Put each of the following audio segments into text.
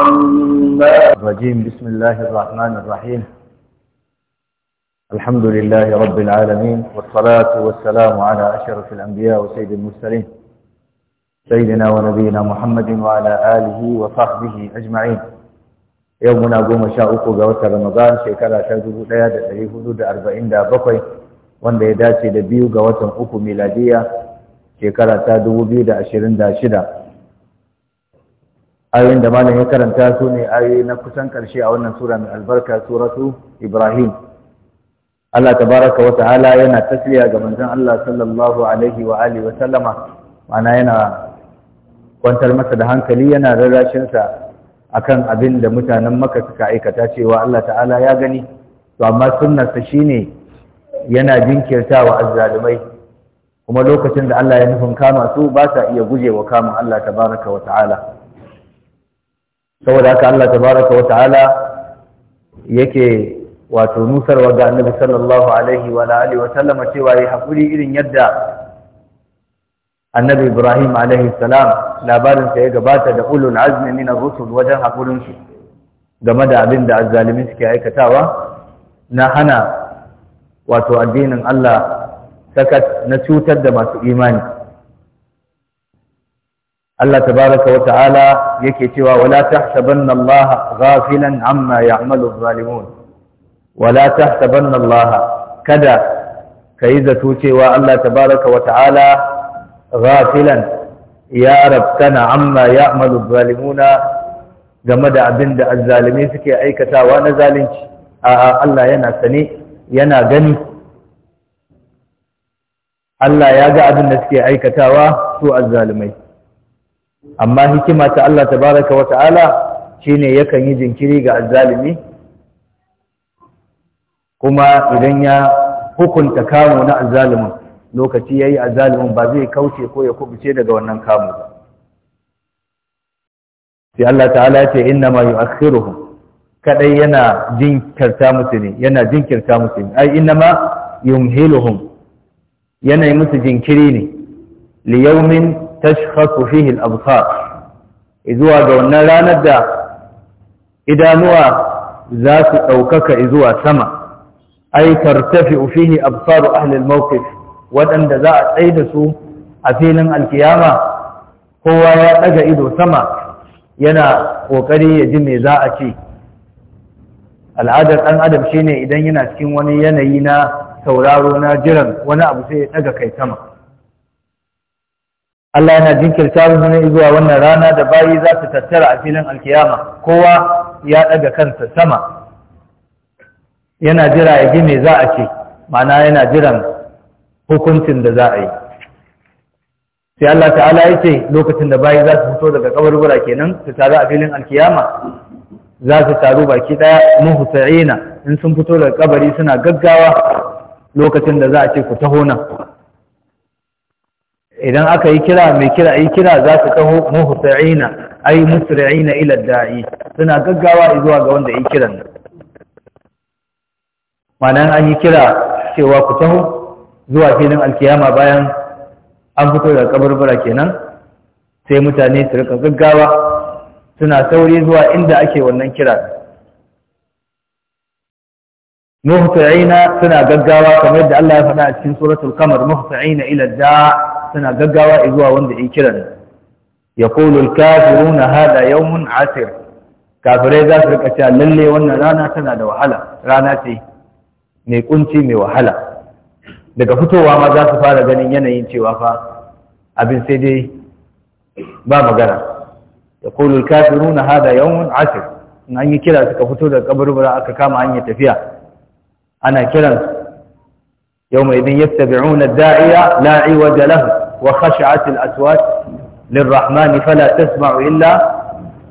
الرجيم بسم الله الرحمن الرحيم الحمد لله رب العالمين والصلاة والسلام على أشرف الأنبياء وسيد المرسلين سيدنا ونبينا محمد وعلى آله وصحبه أجمعين يومنا قوم شاوكو قوات رمضان شكرا قيادة في حدود أربعين دا بقي وان دا دبيو قوات أخو ميلادية شكرا تادو دبو بيو دا أشرين دا شدا ayoyin da malam ya karanta su ne ayoyi na kusan karshe a wannan sura mai albarka suratu ibrahim Allah tabaraka wa ta'ala yana tasliya ga manzon Allah sallallahu alaihi wa alihi wa sallama ma'ana yana kwantar masa da hankali yana rarrashin sa akan abin da mutanen Makka suka aikata cewa Allah ta'ala ya gani to amma sunnar sa shine yana jinkirtawa azzalumai kuma lokacin da Allah ya nufin kama su ba sa iya gujewa kama Allah tabaraka wa ta'ala saboda haka Allah tabaraka wa ta'ala yake wato nusarwa ga annabi sallallahu alaihi wa alihi wa sallama cewa yi hakuri irin yadda annabi Ibrahim alaihi salam labarin sa ya gabata da ulul azmi min ar-rusul wajen hakurin su game da abin da azzalimin suke aikatawa na hana wato addinin Allah sakat na cutar da masu imani Allah tabaraka wa ta'ala yake cewa wala tahsabanna Allah ghafilan amma ya'malu adh-dhalimun wala tahsabanna Allah kada kai zato cewa Allah tabaraka wa ta'ala ghafilan ya rabtana amma ya'malu zalimuna game da abinda azzalimi suke aikatawa na zalunci a'a Allah yana sane yana gani Allah ya ga abin da suke aikatawa su azzalimai amma hikima ta Allah tabaraka wa ta'ala shine yakan yi jinkiri ga azzalimi kuma idan ya hukunta kamo na azzalimin lokaci yayi azzalimin ba zai kauce ko ya kubuce daga wannan kamo ba sai Allah ta'ala ya ce inna ma yu'akhiruhum kadai yana jinkirta musu ne yana jinkirta musu ai inna ma yumhiluhum yana yi musu jinkiri ne li yawmin tashkhasu fihi al-absar Izuwa ga wannan ranar da idanuwa za su ɗaukaka izuwa sama ai tartafi fihi absaru ahli al-mawqif waɗanda za a tsaida da su a filin alkiyama kowa ya ɗaga ido sama yana ƙoƙari ya ji me za a ce al'adar ɗan adam shine idan yana cikin wani yanayi na sauraro na jiran wani abu sai ya ɗaga kai sama Allah yana jinkirta mu ne zuwa wannan rana da bayi za su tattara a filin alkiyama kowa ya ɗaga kansa sama yana jira ya ji me za a ce ma'ana yana jiran hukuncin da za a yi sai Allah ta'ala ya ce lokacin da bayi za su fito daga kaburbura kenan su taru a filin alkiyama za su taru baki ɗaya daya muhsa'ina in sun fito daga kabari suna gaggawa lokacin da za a ce ku taho nan idan aka yi kira mai kira yi kira za su taho muhsa'ina ai musri'ina ila da'i suna gaggawa zuwa ga wanda yi kiran manan an yi kira cewa ku taho zuwa filin alkiyama bayan an fito da kabarbara kenan sai mutane su rika gaggawa suna sauri zuwa inda ake wannan kira muhsa'ina suna gaggawa kamar yadda Allah ya faɗa a cikin suratul kamar muhsa'ina ila da'i suna gaggawa zuwa wanda ya kiran ya kulu kafiruna hada yawmun asir kafirai za su rika cewa lalle wannan rana tana da wahala rana ce mai kunci mai wahala daga fitowa ma za su fara ganin yanayin cewa fa abin sai dai ba magana ya kulu kafiruna hada yawmun asir in an yi kira suka fito daga kaburbura aka kama hanya tafiya ana kiran yau kiransu يومئذ يتبعون da'iya, la'i, عوج له وخشعت الأسوات للرحمن فلا تسمع إلا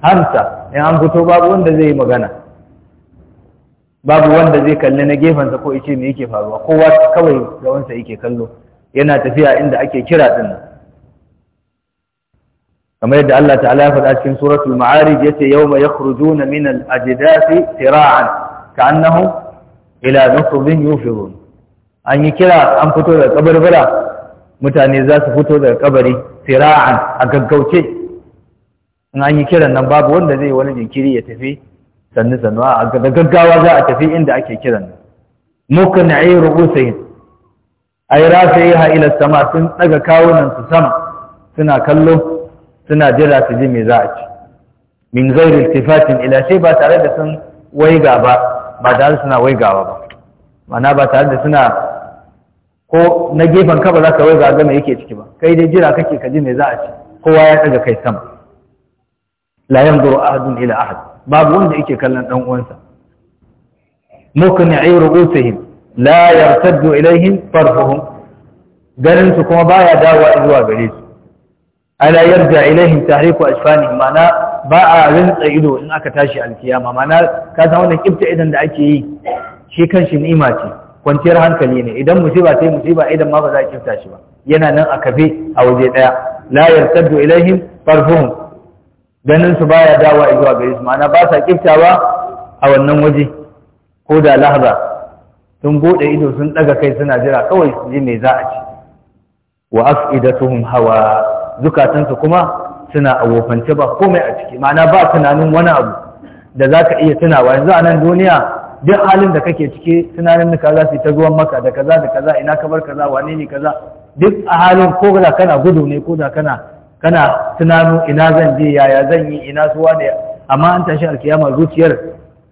همسة يعني أنه تباب وند زي magana. babu wanda zai kalli na gefensa ko ice me yake faruwa kowa kawai wansa yake kallo yana tafiya inda ake kira din kamar yadda Allah ta'ala ya faɗa cikin suratul ma'arij yace yawma yakhrujuna min al-ajdathi sira'an ka'annahum ila nusbin yufirun an yi kira an fito da kabarbara mutane za su fito daga kabari sira'an a gaggauce in an yi kiran nan babu wanda zai wani jinkiri ya tafi sannu sannu a da gaggawa za a tafi inda ake kiran nan mukan na A yi ai rafi'iha ila sama sun daga kawunan su sama suna kallo suna jira su ji me za a ci min ghairi iltifatin ila shay ba tare da sun waiga ba ba tare da suna waigawa ba ma'ana ba tare da suna ko na gefen ka ba za ka waiga ga yake ciki ba kai dai jira kake ka ji me za a ci kowa ya tsaga kai sama la yanzuru ahadun ila ahad babu wanda yake kallon dan uwansa muqni'i ru'usihim la yartaddu ilaihim farfuhum garin su kuma baya dawo zuwa gare su ala yarja ilaihim tahriku ajfani ma'ana ba a rinsa ido in aka tashi alkiyama mana ka san wannan kibta idan da ake yi shi kanshi ni'ima ce kwanciyar hankali ne idan musiba sai musiba idan ma ba za a kifta shi ba yana nan a kafe a waje daya la yartaddu ilaihim farfuhum ganin su baya dawa zuwa gare su ma'ana ba sa kiftawa a wannan waje ko da lahaza sun bude ido sun daga kai suna jira kawai su ji me za a ci wa afidatuhum hawa zukatansu kuma suna awofance ba komai a ciki ma'ana ba tunanin wani abu da za ka iya tunawa yanzu a nan duniya duk halin da kake cike tunanin ka za su ta zuwan maka da kaza da kaza ina ka bar kaza wane ne kaza duk a halin ko da kana gudu ne ko da kana kana tunano ina zan je yaya zan yi ina su wane amma an tashi alkiyama zuciyar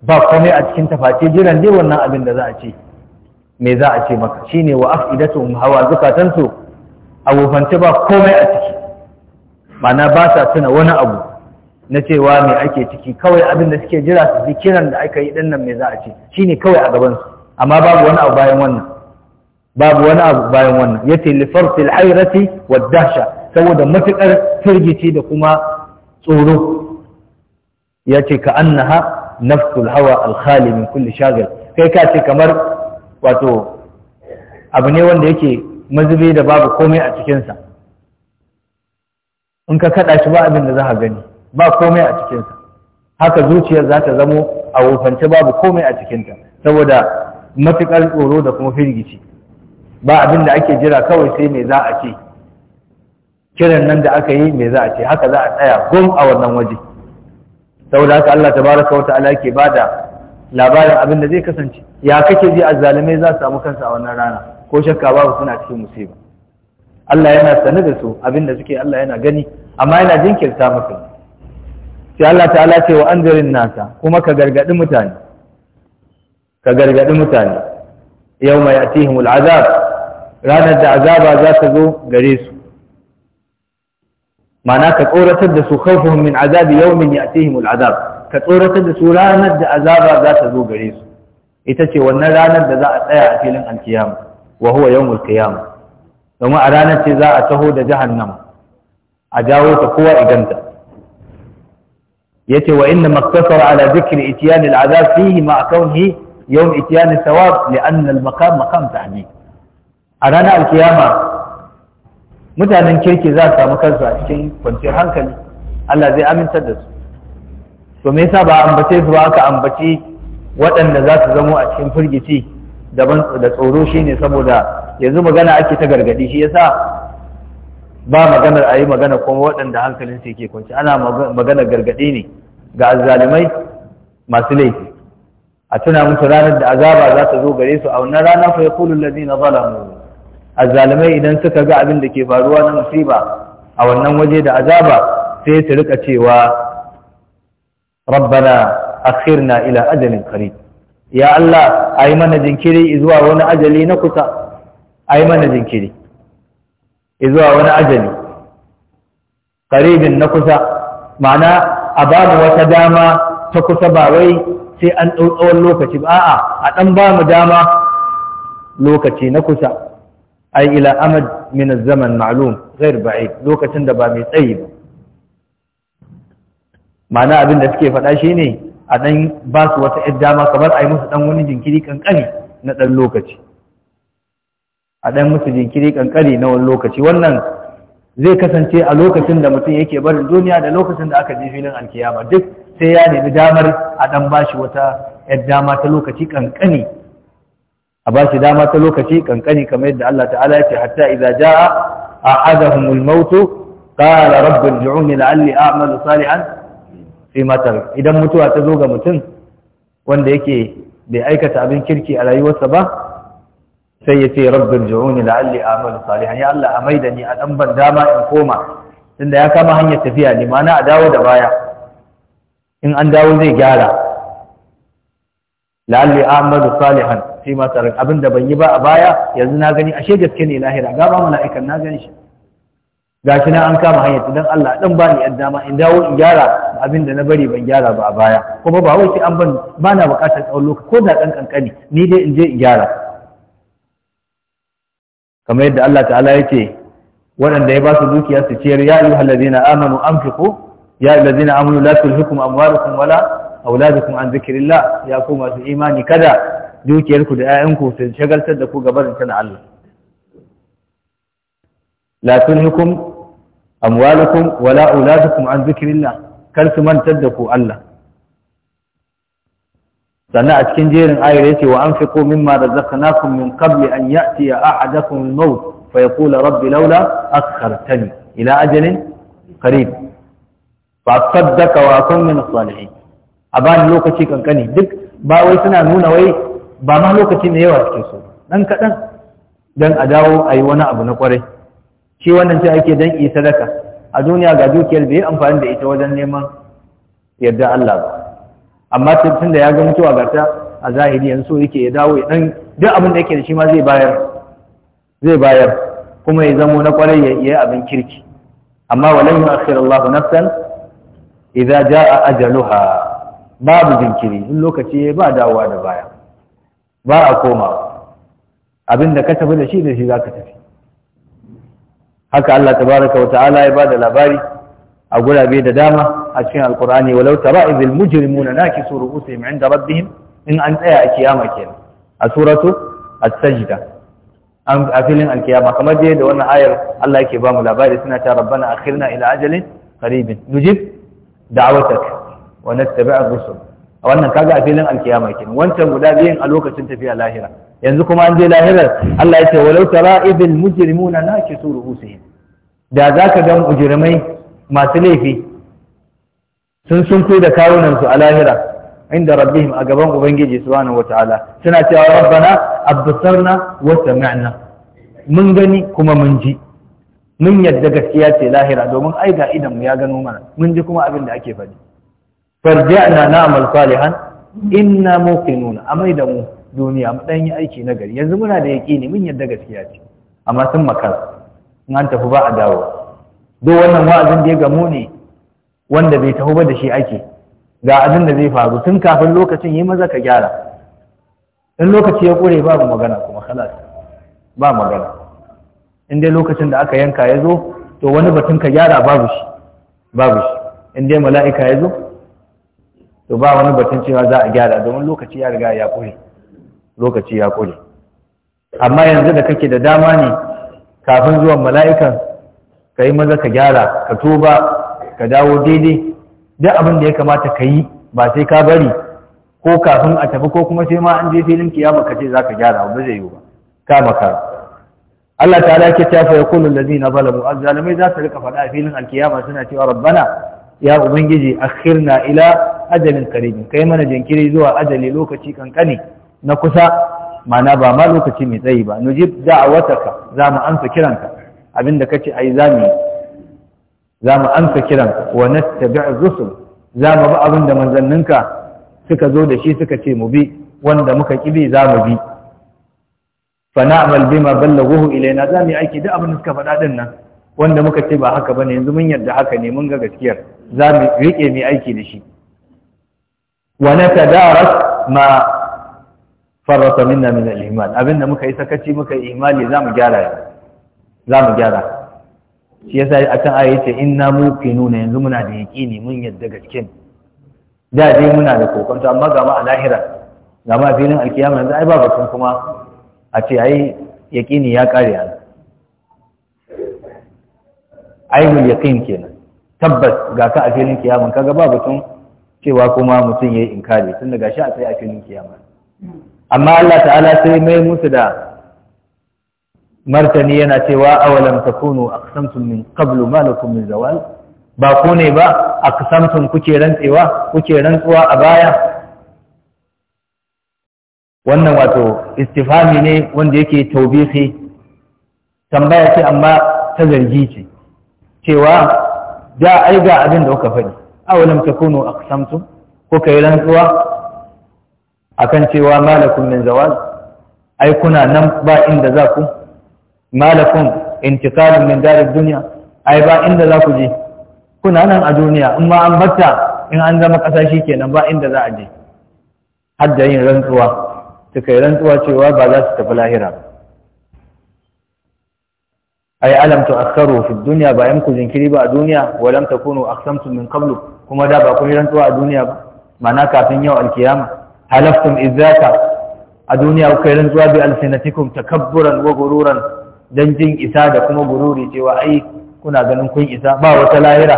ba komai a cikin tafaci jiran dai wannan abin da za a ce me za a ce maka shine wa afidatu hawa zukatansu abufance ba komai a ciki mana ba sa tuna wani abu na cewa me ake ciki kawai abin da suke jira su ji kiran da aka yi dinnan me za a ce shine kawai a gaban su amma babu wani abu bayan wannan babu wani abu bayan wannan yace li farsil hayrati saboda matukar firgici da kuma tsoro yace ka annaha nafsul hawa al khali min kulli kai ka ce kamar wato abu ne wanda yake mazubi da babu komai a cikinsa in ka kaɗa shi ba abin da za ka gani ba komai a cikinsa haka zuciyar za ta zamo a wufance babu komai a cikinta saboda matuƙar tsoro da kuma firgici ba abin da ake jira kawai sai me za a ce kiran nan da aka yi me za a ce haka za a tsaya gum a wannan waje saboda haka Allah tabaraka wa ta'ala yake bada labarin abin da zai kasance ya kake ji azzalumai za su samu kansu a wannan rana ko shakka babu suna cikin musiba Allah yana sane da su abin da suke Allah yana gani amma yana jinkirta musu sai Allah ta'ala ce wa anzirin nasa kuma ka gargadi mutane ka gargadi mutane Yau mai ya'tihimul azab ranar da azaba za ta zo gare su ma'ana ka tsoratar da su khawfuhum min azabi yau yawmin ya'tihimul azab ka tsoratar da su ranar da azaba za ta zo gare su ita ce wannan ranar da za a tsaya a filin alkiyama wa huwa yawmul qiyamah domin a ranar ce za a taho da jahannama a jawo ta kowa iganta yace wa inna maktasara ala zikri ityan al'azab fihi ma kaunihi yawm ityan thawab li'an al-maqam maqam tahdi a ranar alkiyama mutanen kirki za su samu kansu a cikin kwanciyar hankali Allah zai aminta da su to me yasa ba ambace su ba aka ambaci waɗanda za su zamo a cikin firgici daban da tsoro shine saboda yanzu magana ake ta gargadi shi yasa ba maganar a yi magana kuma waɗanda hankalin su yake kwanci ana magana gargaɗi ne ga azzalimai masu laifi a tuna musu ranar da azaba za ta zo gare su a wannan rana fa ya kulu lazi na zalamu azzalimai idan suka ga abin da ke faruwa na musiba a wannan waje da azaba sai su rika cewa rabbana akhirna ila ajalin qarib ya Allah ayi mana jinkiri zuwa wani ajali na kusa ayi mana jinkiri zuwa wani ajali karibin na kusa ma'ana a babu wata dama ta kusa ba wai sai an ɗau tsawon lokaci ba a'a a ɗan ba mu dama lokaci na kusa ai ila amad min zaman ma'lum ghair ba'id lokacin da ba mai tsayi ba ma'ana abin da suke faɗa ne, a ɗan ba su wata ‘yar dama kamar a yi musu ɗan wani jinkiri kankani na ɗan lokaci a ɗan musu jinkiri ƙanƙari na wani lokaci wannan zai kasance a lokacin da mutum yake barin duniya da lokacin da aka je filin alkiyama duk sai ya nemi damar a dan bashi wata yar dama ta lokaci ƙanƙani. a bashi dama ta lokaci ƙanƙani kamar yadda Allah ta'ala ya ce hatta idza jaa a'adahumul maut qala rabbi irji'uni la'alli a'malu salihan fi matar idan mutuwa ta zo ga mutum wanda yake bai aikata abin kirki a rayuwarsa ba sai ya ce rabbir Ju'uni, la'alli amalu salihan ya Allah a maida ni a dan ban dama in koma tunda ya kama hanyar tafiya ne ma'ana a dawo da baya in an dawo zai gyara la'alli amalu salihan sai ma tarak abinda ban yi ba a baya yanzu na gani ashe gaske ne lahira ga ba mala'ikan na gani shi gashi na an kama hanyar dan Allah dan ba ni yan dama in dawo in gyara abin da na bari ban gyara ba a baya kuma ba wai sai an ban ba na bukatar tsawon lokaci ko da dan kankani ni dai in je in gyara kamar yadda Allah ta'ala ya ce waɗanda ya ba su dukiya su ciyar ya yi ayyuhal ladina amanu amfiku, ya yi ayyuhal ladina amanu la tulhikum amwalukum wala auladukum an zikrillah ya ku masu imani kada dukiyarku da 'ya'yanku su shagaltar da ku gabarin tana Allah la tulhikum amwalukum wala auladukum an zikrillah kar su mantar da ku Allah sannan a cikin jerin ayar yace wa anfiqu mimma razaqnakum min qabli an ya'tiya ahadakum al-maut fa yaqula rabbi laula akhartani ila ajalin qarib fa saddaka wa kun min salihin a bani lokaci kankani duk ba wai suna nuna wai ba ma lokaci ne yawa suke so dan kadan dan a dawo ayi wani abu na kwarai shi wannan ce ake dan isa daka. a duniya ga dukiyar bai amfani da ita wajen neman yarda Allah ba amma tun da ya ga mutuwa ga ta a zahiri yanzu so yake ya dawo ya dan duk abin da yake da shi ma zai bayar zai bayar kuma ya zamo na kwarai ya yi abin kirki amma walan yu'akhir Allahu nafsan idza jaa ajaluha babu jinkiri in lokaci ya ba dawowa da baya ba a koma. abin da ka tafi da shi da shi zaka tafi haka Allah tabaraka wa ta'ala ya bada labari a gurabe da dama a cikin alkur'ani walau tara idil mujrimuna nakisu ru'usihim inda rabbihim in an tsaya a kiyama kenan a suratu as-sajda a filin alkiyama kamar dai da wannan ayar Allah yake ba mu labari suna ta rabbana akhirna ila ajalin qaribin nujib da'watak wa nattabi'a rusul a wannan kaga a filin alkiyama kenan wancan guda biyan a lokacin tafiya lahira yanzu kuma an je lahirar Allah ya ce walau tara idil mujrimuna nakisu ru'usihim da zaka ga mujrimai masu laifi sun sunku da kawunansu a lahira inda rabbihim a gaban ubangiji subhanahu wataala suna cewa rabbana absarna wa sami'na mun gani kuma mun ji mun yadda gaskiya ce lahira domin ai ga idan mu ya gano mana mun ji kuma abin da ake faɗi farji'na na'mal salihan inna nuna, amai da mu duniya mu dan aiki na gari yanzu muna da yaqini mun yadda gaskiya ce amma sun makara in an tafi ba a dawo duk wannan wa'azin da ya gamu ne wanda bai taho ba da shi ake ga abin da zai faru tun kafin lokacin yi maza ka gyara in lokaci ya kure babu magana kuma halas ba magana in dai lokacin da aka yanka ya zo to wani batun ka gyara babu shi babu shi in dai mala'ika ya zo to ba wani batun cewa za a gyara domin lokaci ya riga ya kure, lokaci ya kure. amma yanzu da kake da dama ne kafin zuwan mala'ikan ka yi maza ka gyara ka tuba ka dawo daidai duk abin da ya kamata ka yi ba sai ka bari ko kafin a tafi ko kuma sai ma an je filin kiyama ka ce za ka gyara ba zai yi ba ka maka Allah ta ke ta fa yakulu allazina zalamu azzalimai za su rika faɗa a filin alkiyama suna cewa rabbana ya ubangiji akhirna ila ajalin qaribin kai mana jinkiri zuwa ajali lokaci kankani na kusa mana ba ma lokaci mai tsayi ba nujib da'awataka za mu amsa kiranka abinda kace ai zamu zamu amsa kiran wa nattabi' rusul zamu bi abinda manzanninka suka zo da shi suka ce mu bi wanda muka kibi zamu bi fa na'mal bima ballaghuhu ilaina zamu aiki duk abin suka faɗa din nan wanda muka ce ba haka bane yanzu mun yarda haka ne mun ga gaskiyar zamu rike mu aiki da shi wa natadarak ma farata minna min al-iman abinda muka yi sakaci muka yi imani zamu gyara za mu gyara shi yasa a can aya yace inna muqinuna yanzu muna da yaqini mun yadda gaskiya da dai muna da kokonto amma ga ma a lahira ga ma filin alkiyama yanzu ai ba batun kuma a ce ai yaqini ya kare Ai ainul yaqin kenan tabbas ga ka a filin kiyama kaga ba batun cewa kuma mutum yayi inkari tun daga shi a tsaye a filin kiyama amma Allah ta'ala sai mai musu da martani yana cewa awalam takunu aqsamtum min qablu ma lakum min zawal ba ku ne ba aqsamtum kuke rantsewa kuke rantsuwa a baya wannan wato Istifami ne wanda yake taubisi tambaya ce amma ta zargi ce cewa da ai ga abin da kuka faɗi awalam takunu aqsamtum kuka yi rantsuwa akan cewa malakum min zawal ai kuna nan ba inda za ku malakun intiqalun min darid duniya. ai ba inda za ku je kuna nan a duniya amma ma an batta in an zama ƙasa shi kenan ba inda za a je har da yin rantsuwa suka kai rantsuwa cewa ba za su tafi lahira ai alam tu askaru fi duniya ba yamku jinkiri ba a duniya wa lam takunu aqsamtum min qablu kuma da ba kun yi rantsuwa a duniya ba mana kafin yau alkiyama halaftum izzaka a duniya kuka rantsuwa bi alsinatikum takabburan wa ghururan don jin isa da kuma gururi cewa ai kuna ganin kun isa ba wata lahira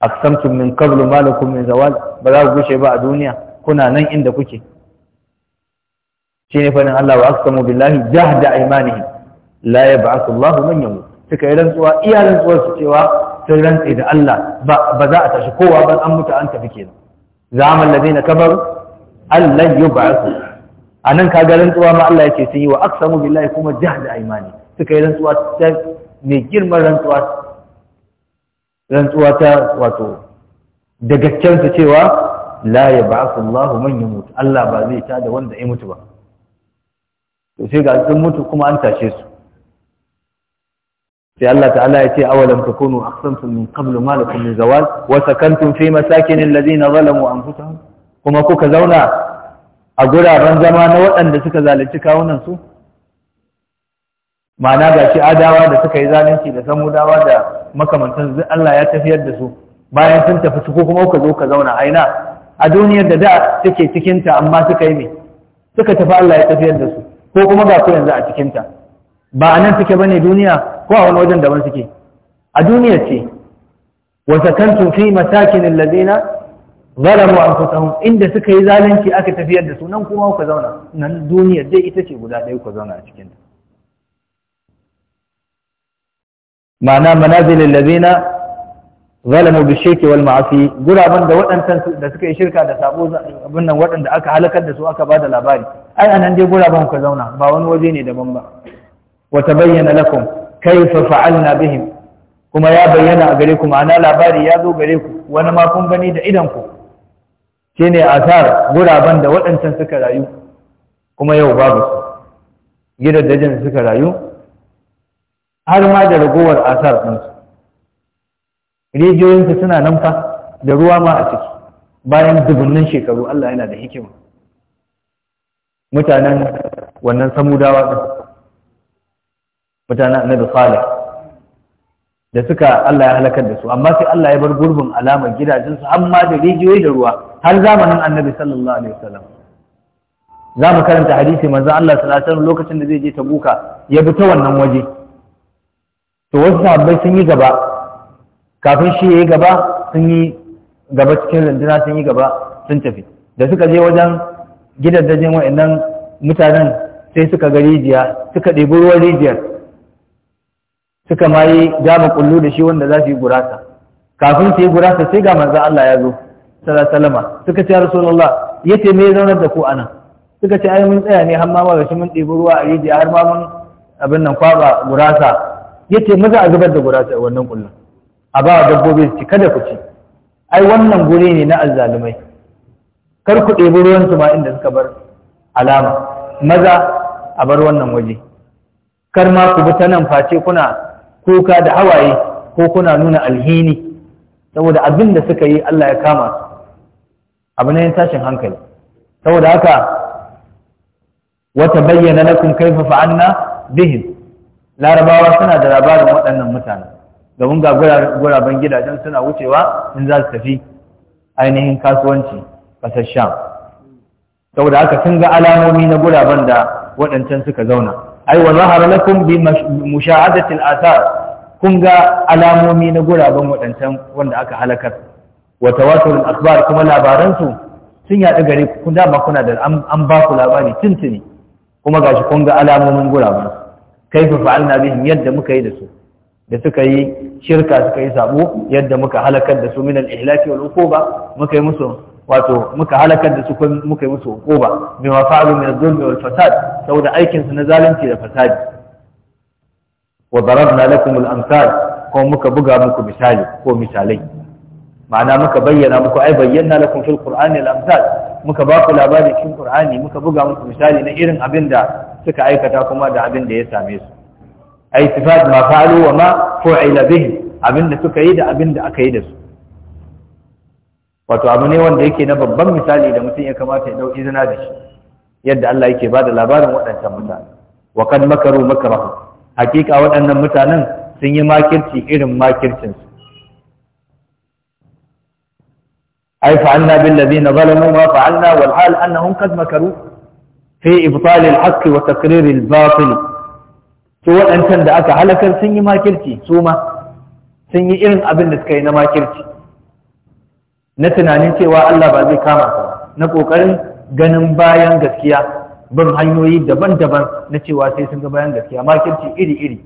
aqsamtum min kablu ma min zawal ba za ku gushe ba a duniya kuna nan inda kuke shine fadin Allah wa aqsamu billahi jahda aymanihim la yab'athu Allah man yamut suka yi rantsuwa iya rantsuwar su cewa sun rantsi da Allah ba za a tashi kowa ba an mutu an tafi kenan zaman ladina kabaru Allah yub'athu a nan ka ga rantsuwa ma Allah yake sun yi wa aksamu billahi kuma jahda aimani suka yi rantsuwa ta mai girman rantsuwa rantsuwa ta wato da gaskiyar cewa la yab'athu Allahu man yamut Allah ba zai tada wanda ya mutu ba to sai ga sun mutu kuma an tashe su sai Allah ta'ala ya ce awalam takunu aqsamtum min qablu ma lakum min zawal wa sakantum fi masakin alladhina zalamu anfusahum kuma kuka zauna a guraren zama na waɗanda suka zalunci kawunansu ma'ana ga shi adawa da suka yi zalunci da samudawa da makamantan zai Allah ya tafiyar da su bayan sun tafi su ko kuma ka zo ka zauna aina a duniyar da da take cikinta amma suka yi ne suka tafi Allah ya tafiyar da su ko kuma ga ku yanzu a cikinta ba a nan suke bane duniya ko a wani wajen daban suke a duniya ce wa sakantum fi masakin alladhina zalamu anfusahum inda suka yi zalunci aka tafiyar da su nan kuma ku zauna nan duniyar dai ita ce guda ɗaya ku zauna a cikin ta ma'ana manazilin lazina zalamu bi shirki wal ma'asi guraben da waɗancan da suka yi shirka da sabo abin nan waɗanda aka halakar da su aka bada labari ai anan dai guraben ku zauna ba wani waje ne daban ba wa tabayyana lakum kayfa fa'alna bihim kuma ya bayyana a gare ku ma'ana labari ya zo gare ku wani ma kun gani da idan ku ne asar guraben da waɗancan suka rayu kuma yau babu su gidajen suka rayu har ma da ragowar asar ɗansu rijiyoyinsu suna nan fa da ruwa ma a ciki bayan dubunnan shekaru Allah yana da hikima mutanen wannan samudawa ɗin mutanen annabi salih da suka Allah ya halakar da su amma sai Allah ya bar gurbin alamar gidajensu amma da rijiyoyi da ruwa har zamanin annabi sallallahu alaihi wasallam za mu karanta hadisi manzo Allah sallallahu alaihi wasallam lokacin da zai je ta tabuka ya bi ta wannan waje to wasu sahabbai sun yi gaba kafin shi ya yi gaba sun yi gaba cikin rundunar sun yi gaba sun tafi da suka je wajen gidan dajin wa'annan mutanen sai suka ga rijiya suka ɗebi ruwan rijiyar suka ma yi gama kullu da shi wanda za su yi gurasa kafin su yi gurasa sai ga manzo Allah ya zo sallallahu suka ce ya rasulullah yace me zaunar da ku anan suka ce ai mun tsaya ne har ma ba shi mun ɗebi ruwa a rijiya har ma mun abin nan kwaba gurasa yace maza a zubar da gurasa wannan kullum? a ba dabbobi su ci kada ku ci ai wannan gure ne na azzalumai kar ku ɗebi ruwan su ma inda suka bar alama maza a bar wannan waje kar ma ku bi ta nan face kuna kuka da hawaye ko kuna nuna alhini saboda abin da suka yi Allah ya kama su abu ne tashin hankali saboda haka wata bayyana lakum kaifa fa'alna bihim larabawa suna da labarin waɗannan mutane domin ga guraben gidajen suna wucewa in za su tafi ainihin kasuwanci ƙasar sham saboda haka sun ga alamomi na guraben da waɗancan suka zauna ai wa zahara lakum bi mushahadati al-athar kun ga alamomi na guraben waɗancan wanda aka halakar Wata tawatur akhbar kuma labaransu sun yaɗu gari ku kun dama kuna da an ba ku labari tuntuni kuma gashi kun ga alamomin guraben kaifa fa'alna bihim yadda muka yi da su da suka yi shirka suka yi sabo yadda muka halakar da su min al-ihlaki wal uquba muka yi musu wato muka halakar da su ko muka yi musu uquba bi ma fa'alu min adh fasad saboda aikin su na zalunci da fasadi wa darabna lakum muka buga muku misali ko misalai ma'ana muka bayyana muku ai bayyana lakum fil qur'ani al amsal muka ba ku labari cikin qur'ani muka buga muku misali na irin abin da suka aikata kuma da abin da ya same su ai sifat ma fa'alu wa ma fu'ila bihi abin da suka yi da abin da aka yi da su wato abu ne wanda yake na babban misali da mutum ya kamata ya dauki zina da shi yadda Allah yake ba da labarin waɗancan mutane wa kad makaru makarahu hakika waɗannan mutanen sun yi makirci irin makircin أي فعلنا بالذين ظلموا ما فعلنا والحال أنهم قد مكروا في إبطال الحق وتقرير الباطل سوى أن تندأك حلكا سني ما كرتي سوما سني إرن أبن نسكين ما كرتي نتنا ننتي الله بازي كاما نقو قرن ganin bayan gaskiya bin hanyoyi daban-daban na cewa sai sun ga bayan gaskiya makirci iri-iri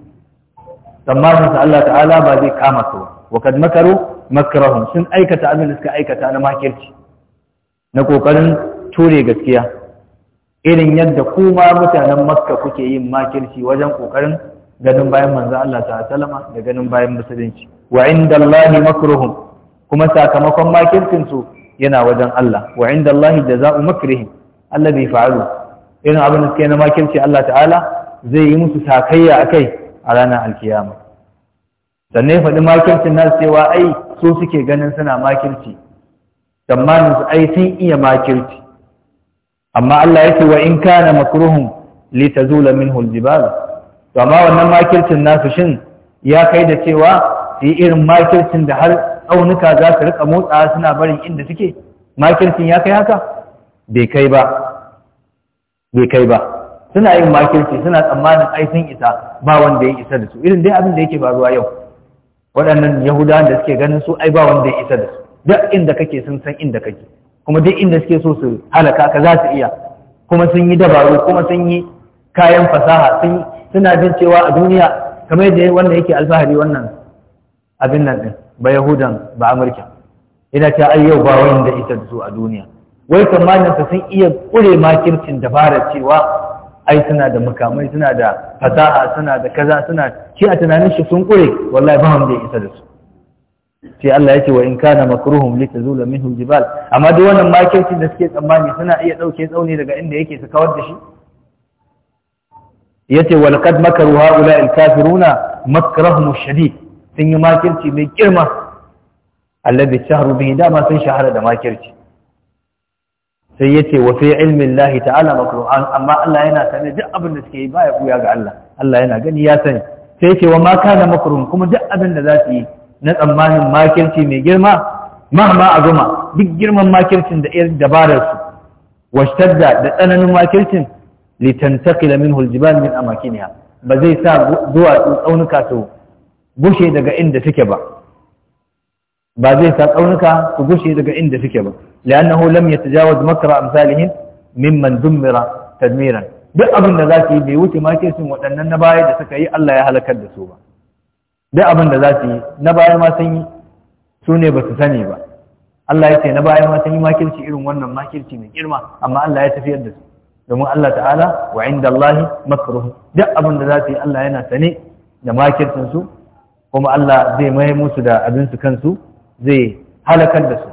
tsammanin sa Allah ta'ala ba zai kama su ba wa kad makaru makarahum sun aikata abin da suka aikata na makirci na kokarin ture gaskiya irin yadda kuma mutanen makka kuke yin makirci wajen kokarin ganin bayan manzo Allah ta sallama da ganin bayan musulunci wa inda indallahi makruhum kuma sakamakon makircin su yana wajen Allah wa inda indallahi jazaa'u makrihim alladhi fa'alu irin abin da suke na makirci Allah ta'ala zai yi musu sakayya akai a ranar alkiyama sannan ya faɗi makircin nasu cewa ai su suke ganin suna makirci tsammanin su ai sun iya makirci amma Allah ya ce wa in kana makruhun li tazula minhu aljibal to amma wannan makircin nasu shin ya kai da cewa su irin makircin da har tsaunuka za su rika motsa suna barin inda suke makircin ya kai haka bai kai ba bai kai ba suna yin makirci suna tsammanin ai sun isa ba wanda ya isa da su irin dai abin da yake faruwa yau waɗannan yahudawan da suke ganin su ai ba wanda ya isa da su duk inda kake sun san inda kake kuma duk inda suke so su halaka ka za su iya kuma sun yi dabaru kuma sun yi kayan fasaha sun suna jin cewa a duniya kamar yadda wanda yake alfahari wannan abin nan din ba yahudan ba amurka ina ta ai yau ba wanda isa da su a duniya wai tsammanin sun iya kure makircin dabarar cewa ai suna da makamai suna da fasaha suna da kaza suna shi a tunanin shi sun kure wallahi ba mu isa da su sai Allah ya ce wa in kana makruhum li tazula minhu jibal amma duk wannan makirci da suke tsammani suna iya dauke tsauni daga inda yake su kawar da shi yace wal qad makaru haula al kafiruna makrahum shadid sun yi makirci mai girma alladhi shahru bihi dama sun shahara da makirci sai ya ce wa fi ilmin lahi ta'ala makruhan amma Allah yana sane duk abin da suke yi baya kuya ga Allah Allah yana gani ya sani sai ce wa maka da makruhun kuma duk abin da za su yi na tsammanin makirci mai girma mahma a goma duk girman makircin da irin dabarar su washtadda da tsananin makircin litantaqila minhu aljibal min amakiniha ba zai sa duwatsu tsaunuka su bushe daga inda suke ba ba zai sa tsaunuka ku gushe daga inda suke ba li'annahu lam yatajawaz makra amsalihim mimman dummira tadmiran duk abin da za su yi bai wuce makircin waɗannan na baya da suka yi Allah ya halakar da su ba duk abin da za su yi na baya ma sun yi su ne ba su sani ba Allah ya ce na baya ma sun yi makirci irin wannan makirci mai girma amma Allah ya tafiyar da su domin Allah ta'ala wa inda Allah makruhu duk abin da za su yi Allah yana sane da makircin su kuma Allah zai mai musu da abin su kansu zai halakar da su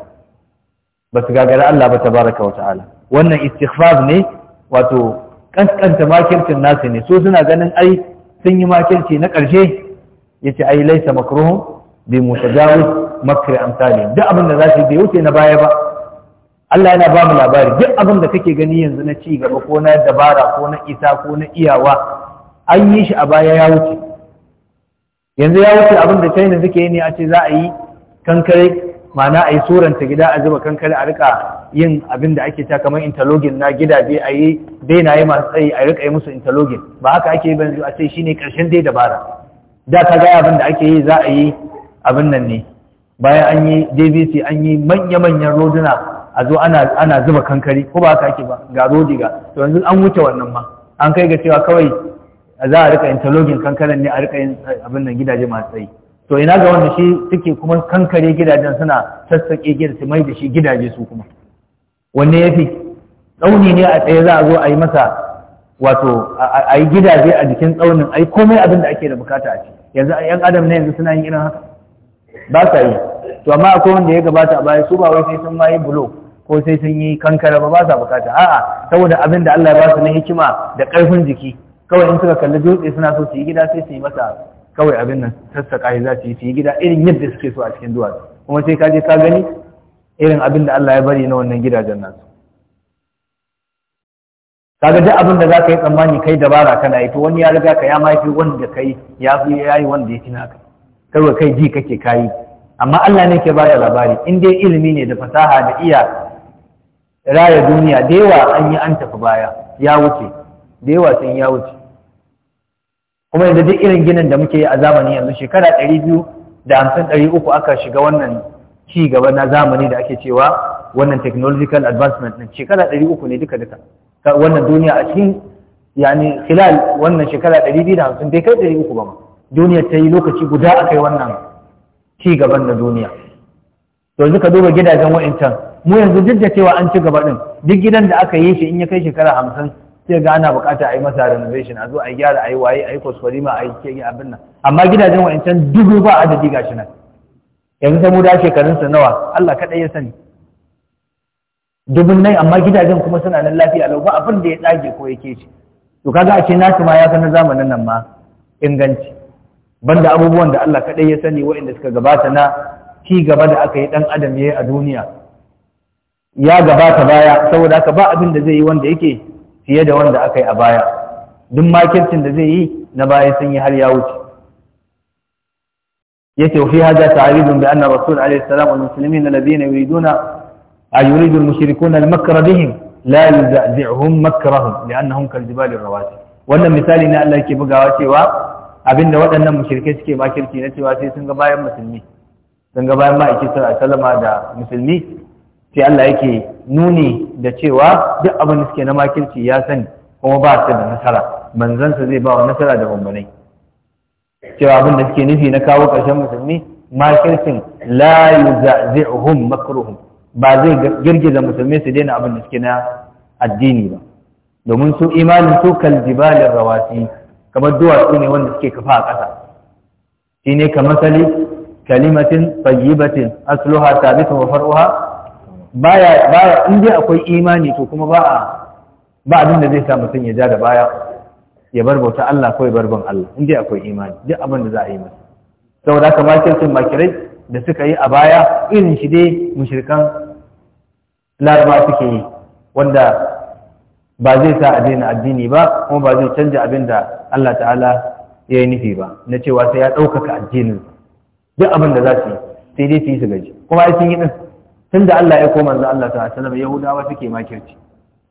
ba su gagara Allah ba ta wa ta'ala wannan istighfar ne wato kankanta makircin nasu ne so suna ganin ai sun yi makirci na ƙarshe yace ai laisa makruhum bi mutajawiz makri amsali duk abin da za su bai wuce na baya ba Allah yana ba mu labari duk abin da kake gani yanzu na ci gaba ko na dabara ko na isa ko na iyawa an yi shi a baya ya wuce yanzu ya wuce abin da China suke yi ne a ce za a yi kankare ma'ana a yi suranta gida a zuba kankare a rika yin abin da ake ta kamar intalogin na gidaje a yi yi masu tsayi a rika yi musu interlogin ba haka ake yi banzu a ce shine karshen dai dabara da ta ga abin da ake yi za a yi abin nan ne bayan an yi dbc an yi manya-manyan roduna a zo ana zuba kankare ko ba haka ake ba ga rodi ga to yanzu an wuce wannan ma an kai ga cewa kawai za a rika intalogin kankaren ne a rika yin abin nan gidaje masu tsayi to ina ga wanda shi suke kuma kankare gidajen suna sassaƙe gida su mai da shi gidaje su kuma wanne ya fi tsauni ne a tsaye za a zo a yi masa wato a yi gidaje a jikin tsaunin a yi komai abin da ake da bukata a ciki? yanzu yan adam na yanzu suna yin irin haka ba sa yi to amma akwai wanda ya gabata a baya su ba wai sai sun ma yi bulo ko sai sun yi kankara ba ba sa bukata a'a saboda abin da Allah ya ba su na hikima da ƙarfin jiki kawai in suka kalli dutse suna so su yi gida sai su yi masa kawai abin nan sassaƙa shi za su yi su yi gida irin yadda suke so a cikin duwatsu kuma sai ka je ka gani irin abin da Allah ya bari na wannan gidajen nasu kaga duk abin da zaka yi tsammani kai dabara kana yi to wani ya riga ka ya mafi wanda kai ya fi wanda ya fi naka kai kai ji kake kayi amma Allah ne ke ba labari in dai ilimi ne da fasaha da iya raya duniya da yawa an yi an tafi baya ya wuce da yawa sun ya wuce kuma yanzu duk irin ginin da muke yi a zamani yanzu shekara ɗari biyu da hamsin ɗari uku aka shiga wannan ci gaba na zamani da ake cewa wannan technological advancement na shekara ɗari uku ne duka duka wannan duniya a cikin yani khilal wannan shekara ɗari biyu da hamsin bai kai ɗari uku ba ma duniya ta yi lokaci guda a kai wannan ci gaban na duniya yanzu ka duba gidajen wa'incan mu yanzu duk da cewa an ci gaba ɗin duk gidan da aka yi shi in ya kai shekara hamsin sai ga ana bukata a yi masa renovation a zo a gyara a yi waye a yi kwaskwari ma a yi ke abin nan amma gidajen wa'ancan dubu ba a adadi gashi nan yanzu sai mu da su nawa Allah kaɗai ya sani dubun nai amma gidajen kuma suna nan lafiya lau ba abin da ya dage ko yake shi to kaga a ce nasu ma ya na zamanin nan ma inganci banda abubuwan da Allah kadai ya sani waɗanda suka gabata na ci gaba da aka yi dan adam ya a duniya ya gabata baya saboda haka ba abin da zai yi wanda yake fiye da wanda aka yi a baya duk makircin da zai yi na baya sun yi har ya wuce yace fi hada ta'ribun bi anna rasul alayhi salam wal muslimin alladhina yuriduna ayuridu al mushrikuna al makra bihim la yuzahzihum makrahum li'annahum kal jibal al rawasi wannan misali ne Allah yake bugawa cewa abinda waɗannan mushrike suke makirci na cewa sai sun ga bayan musulmi sun ga bayan ma'aikata sallama da musulmi sai Allah yake nuni da cewa duk abin da suke na makirci ya sani kuma ba su da nasara manzansa zai ba wa nasara da bambanai cewa abin da suke nufi na kawo ƙarshen musulmi makircin la yuzazi'uhum makruhum ba zai girgiza musulmi su daina abin da suke na addini ba domin su imanin su kal jibalin rawasi kamar duwatsu ne wanda suke kafa a ƙasa shine kamar sali kalimatin tayyibatin asluha sabitun wa far'uha baya in dai akwai imani to kuma ba a ba abin da zai sa mutum ya ja da baya ya bar bauta Allah ko ya bar ban Allah in dai akwai imani duk abin da za a yi masa saboda haka makircin makirai da suka yi a baya irin shi dai mushrikan laraba suke yi wanda ba zai sa a daina addini ba kuma ba zai canja abin da Allah ta'ala ya yi nufi ba na cewa sai ya ɗaukaka addinin duk abin da za su yi sai dai su yi su gaji kuma ai sun yi ɗin tun da Allah ya koma manzo Allah ta sallama yahudawa suke makirci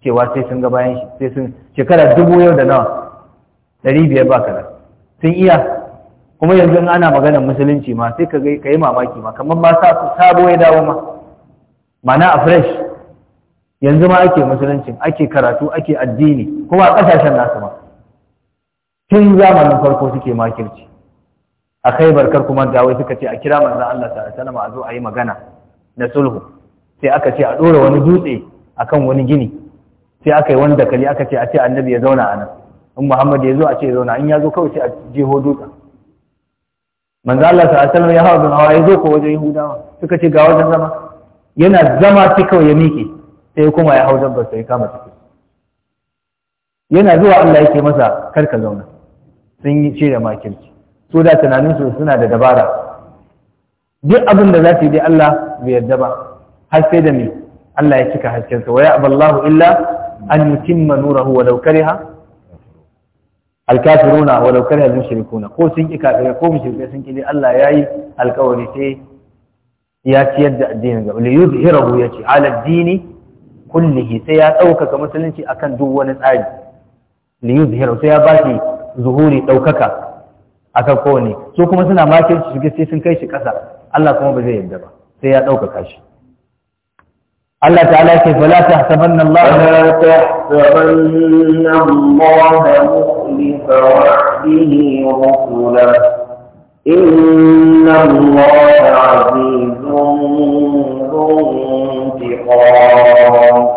cewa sai sun ga bayan shi sai sun shekara dubu yau da nawa ɗari biyar ba kaza sun iya kuma yanzu in ana maganar musulunci ma sai ka yi mamaki ma kamar ma sabo ya dawo ma mana a fresh yanzu ma ake musuluncin ake karatu ake addini kuma a ƙasashen nasu ma tun zamanin farko suke makirci a kai barkar kuma dawai suka ce a kira manzan Allah ta sallama a zo a yi magana na sulhu sai aka ce a ɗora wani dutse akan wani gini sai aka yi wani dakali aka ce a ce annabi ya zauna a nan in muhammad ya zo a ce ya zauna in ya zo kawai sai a jeho dutsen manzo Allah ta asali ya hawa bin hawa ya zo ko wajen yahudawa suka ce ga wajen zama yana zama sai kawai ya miƙe sai kuma ya hau dabbar sai kama ciki yana zuwa Allah yake masa karka zauna sun yi shirya makirci so da tunaninsu suna da dabara duk abin da za su yi dai Allah bai yarda ba har sai da me Allah ya cika haskensa wa ya aballahu illa an yutimma nurahu walau kariha alkafiruna walau kariha mushrikuna ko sun ki kafirai ko mushrikai sun ki dai Allah yayi alkawari sai ya ciyar da addinin gaba li yuzhirahu yace ala dini kullihi sai ya ɗaukaka musulunci akan duk wani tsari li yuzhirahu sai ya ba shi zuhuri ɗaukaka akan kowane su kuma suna makin su shiga sai sun kai shi ƙasa Allah kuma ba zai yarda ba sai ya ɗaukaka shi Allah ta'ala ce fala tahsabanna Allah fala tahsabanna Allah mukhlifa wa'dihi rusula inna Allah azizun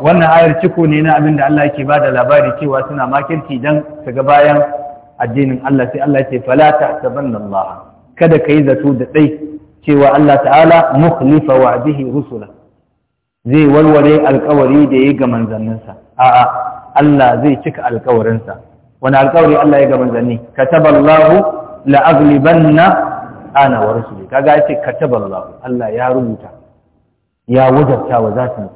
wannan ayar ciko ne na abinda Allah yake bada labari cewa suna makirci dan su ga bayan addinin Allah sai Allah ce fala tahsabanna Allah kada kai zato da tsai cewa Allah ta'ala mukhlifa wa'dihi rusula zai warware alkawari da yayi ga manzanninsa a'a Allah zai cika alkawarinsa wani alkawari Allah ya ga manzanni kataballahu la'aghlibanna ana wa rusuli kaga ya ce kataballahu Allah ya rubuta ya wajarta wa zatin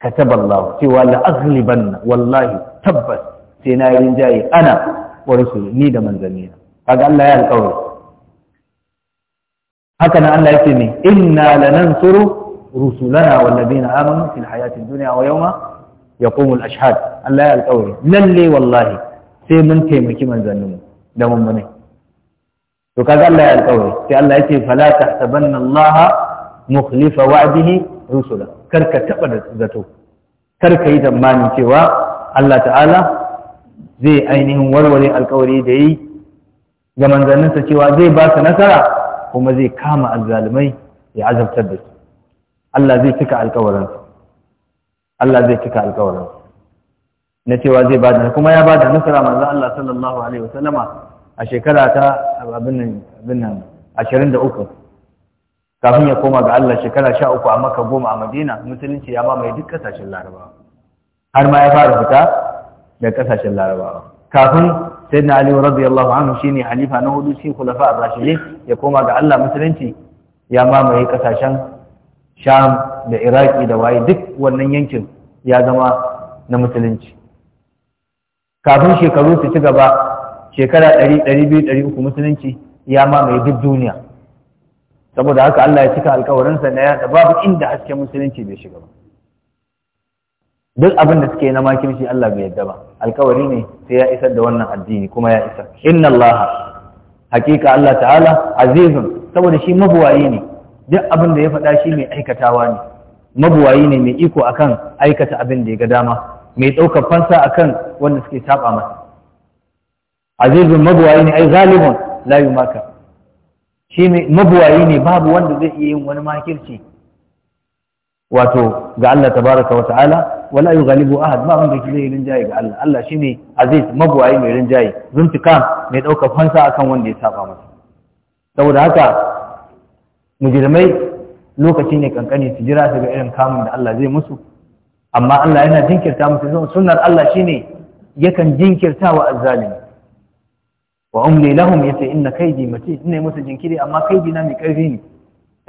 kataballahu cewa la'aghlibanna wallahi tabbas sai na yi rinjaye ana wa rasulu ni da manzanni kaga Allah ya alƙawari haka nan Allah yake ne inna lanansuru rusulana wal ladina amanu fil hayati dunya wa yawma ya kuma ashhad Allah ya alƙawari lalle wallahi sai mun taimaki manzanninmu da mummunai to kaga Allah ya alƙawari sai Allah yake fala tahsabanna Allah mukhlifa wa'dihi rusula Kar ka taɓa da zato ka yi tsammanin cewa Allah ta'ala zai ainihin warware alkawari da yi ga manzanninsa cewa zai ba su nasara kuma zai kama azzalumai ya azabtar da su Allah zai cika alkawarinsa Allah zai cika alkawarinsa na cewa zai ba da kuma ya ba da nasara manzan Allah sallallahu alaihi wasallama a shekara ta abin nan ashirin da uku kafin ya koma ga Allah shekara sha uku a maka goma a madina musulunci ya mamaye duk kasashen larabawa har ma ya fara fita da kasashen larabawa kafin sayyidina ali radiyallahu anhu shine halifa na hudu shi khulafa a rashidin ya koma ga Allah musulunci ya mamaye kasashen sham da iraki da waye duk wannan yankin ya zama na musulunci kafin shekaru su ci gaba shekara 200-300 musulunci ya mamaye duk duniya saboda haka Allah ya cika alkawarinsa na yada babu inda hasken musulunci bai shiga ba duk abin da suke na makirci Allah bai yadda ba alkawari ne sai ya isar da wannan addini kuma ya isa inna Allaha hakika Allah ta'ala azizun saboda shi mabuwayi ne duk abin da ya faɗa shi mai aikatawa ne mabuwayi ne mai iko akan aikata abin da ya ga dama mai ɗaukar fansa akan wanda suke saba masa azizun mabuwayi ne ai galibun la yumaka shi mabuwayi ne babu wanda zai iya yin wani makirci wato ga Allah tabaraka wa ta'ala wala yughalibu ahad ba wanda ke zai rinjaye ga Allah Allah shine aziz magwayi mai rinjaye zuntika mai ɗaukar fansa akan wanda ya saba masa saboda haka mujrimai lokaci ne kankani su jira su ga irin kamun da Allah zai musu amma Allah yana jinkirta musu sunnar Allah shine yakan jinkirta wa azzalimi wa umli lahum yace inna kaidi mati ina musu jinkiri amma kaidi na mai karfi ne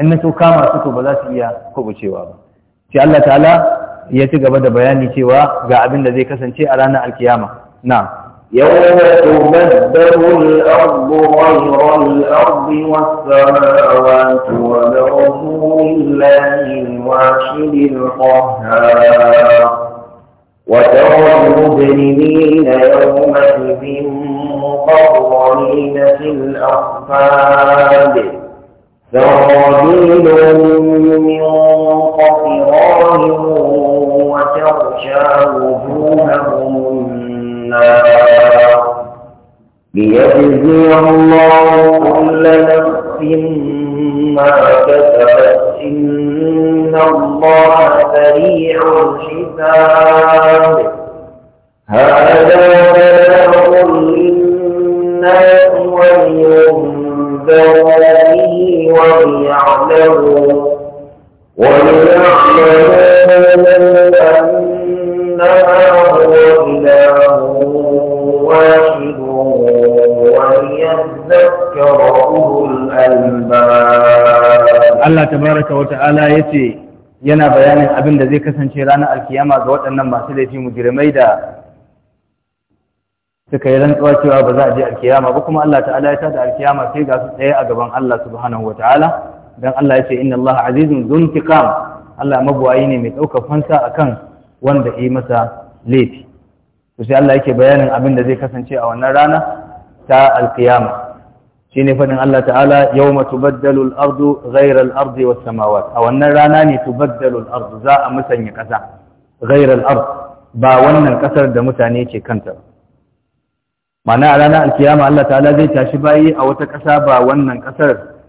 in na so kama su to ba za su iya kubucewa ba sai Allah ta'ala ya ci gaba da bayani cewa ga abin da zai kasance a ranar alkiyama na يوم تبدل الأرض غير الأرض والسماوات وبرزوا لله الواحد القهار وترى المجرمين يومئذ مقرنين في الأصفاد سرابيل ce yana bayanin abin da zai kasance ranar alkiyama ga waɗannan masu laifi mujirmai da suka yi rantsuwa cewa ba za a je alkiyama ba kuma Allah ta'ala ya tada alkiyama sai ga su tsaye a gaban Allah subhanahu wa ta'ala dan Allah ya ce inna Allah azizun zun tiqam Allah mabuwayi ne mai ɗaukar fansa akan wanda yi masa laifi to sai Allah yake bayanin abin da zai kasance a wannan rana ta alkiyama Shi ne fadin Allah ta'ala yawma tubaddalu al-ardu ghayra ardi was samawat a wannan rana ne tubaddalu al-ardu za a musanya kasa ghayra al-ard ba wannan kasar da mutane ke kanta Ma'ana a ranar alkiyama Allah ta'ala zai tashi bayi a wata kasa ba wannan kasar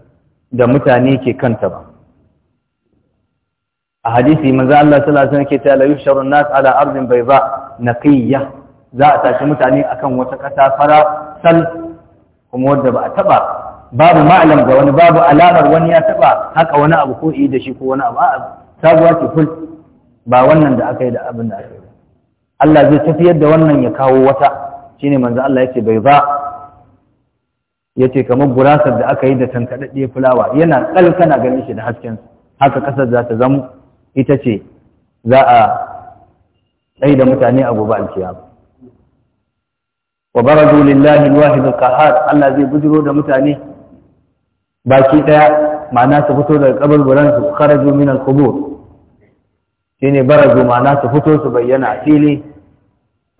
da mutane ke kanta ba a hadisi manzo Allah sallallahu alaihi wasallam ke ta la yusharu an-nas ala ardin bayda naqiyya za a tashi mutane akan wata kasa fara sal kuma wadda ba a taba babu ma'alam ga wani babu alamar wani ya taba haka wani abu ko da shi ko wani abu a'a sabuwa ce ful ba wannan da aka yi da abin da aka yi Allah zai tafiyar da wannan ya kawo wata shine manzo Allah yace bai ba yace kamar gurasar da aka yi da tankadadde fulawa yana kalkana ganin shi da hasken haka kasar za ta zamo ita ce za a tsaye da mutane a gobe alkiyama wa barazu lillahi alwahid alqahar Allah zai bujiro da mutane baki daya ma'ana su fito daga kaburburan su kharaju min alqubur shine barazu ma'ana su fito su bayyana fili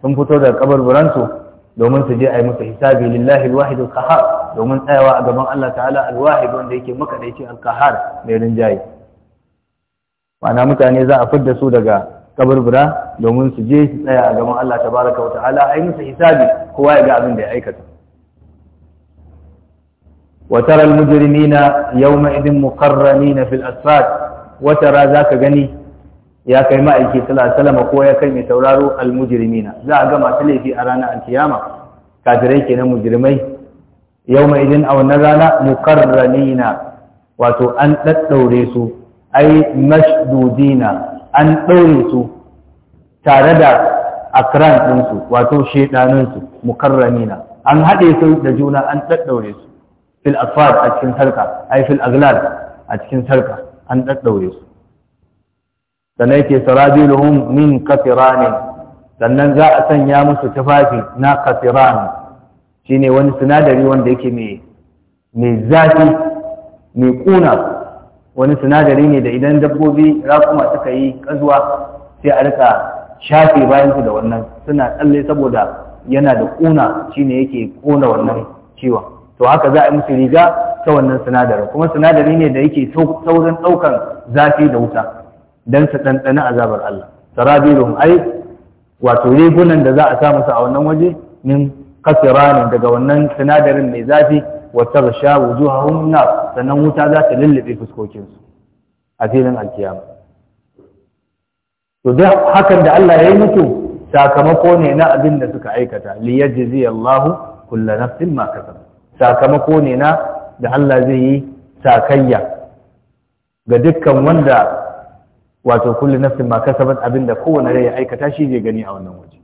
sun fito daga kaburburan su domin su je a yi musu hisabi lillahi alwahid alqahar domin tsayawa a gaban Allah ta'ala alwahid wanda yake makadaici alqahar mai rinjaye ma'ana mutane za a fidda su daga kaburbura domin su je su tsaya a gaban Allah tabaraka wa ta'ala ai musu hisabi kowa ya ga abin da ya aikata wa tara al-mujrimina yawma idin muqarranina fil asfad wata tara zaka gani ya kai ma'aiki sallallahu salama ko ya kai mai sauraro al-mujrimina za a ga masu laifi a ranar alkiyama kafirai kenan mujrimai yawma idin aw nazana muqarranina wato an daddaure su ai mashdudina an ɗaure su tare da akran ɗinsu wato shaidaninsu na. an haɗe su da juna an ɗaɗɗaure su fil asfar a cikin sarka ai fil aglal a cikin sarka an ɗaɗɗaure su sannan yake sarabiluhum min kafirani sannan za a sanya musu tufafi na kafirani shine wani sinadari wanda yake mai zafi mai kuna wani sinadari ne da idan dabbobi raƙuma suka yi kasuwa sai a rika shafe bayansu da wannan suna tsalle saboda yana da ƙuna shine yake ƙona wannan ciwon to haka za a musu riga ta wannan sinadarin kuma sinadari ne da yake saurin ɗaukan zafi da wuta don su ɗanɗana azabar Allah sarabilum ai wato rigunan da za a sa musu a wannan waje min kasiranin daga wannan sinadarin mai zafi wa sha wujuhahum nar sannan wuta za ta lullube fuskokinsu a filin alkiyama to da hakan da Allah ya yi mutu sakamako ne na abin da suka aikata li yajzi Allahu kullu nafsin ma kasabat sakamako ne na da Allah zai yi sakayya ga dukkan wanda wato kullu nafsin ma kasabat abin da kowane rai ya aikata shi zai gani a wannan waje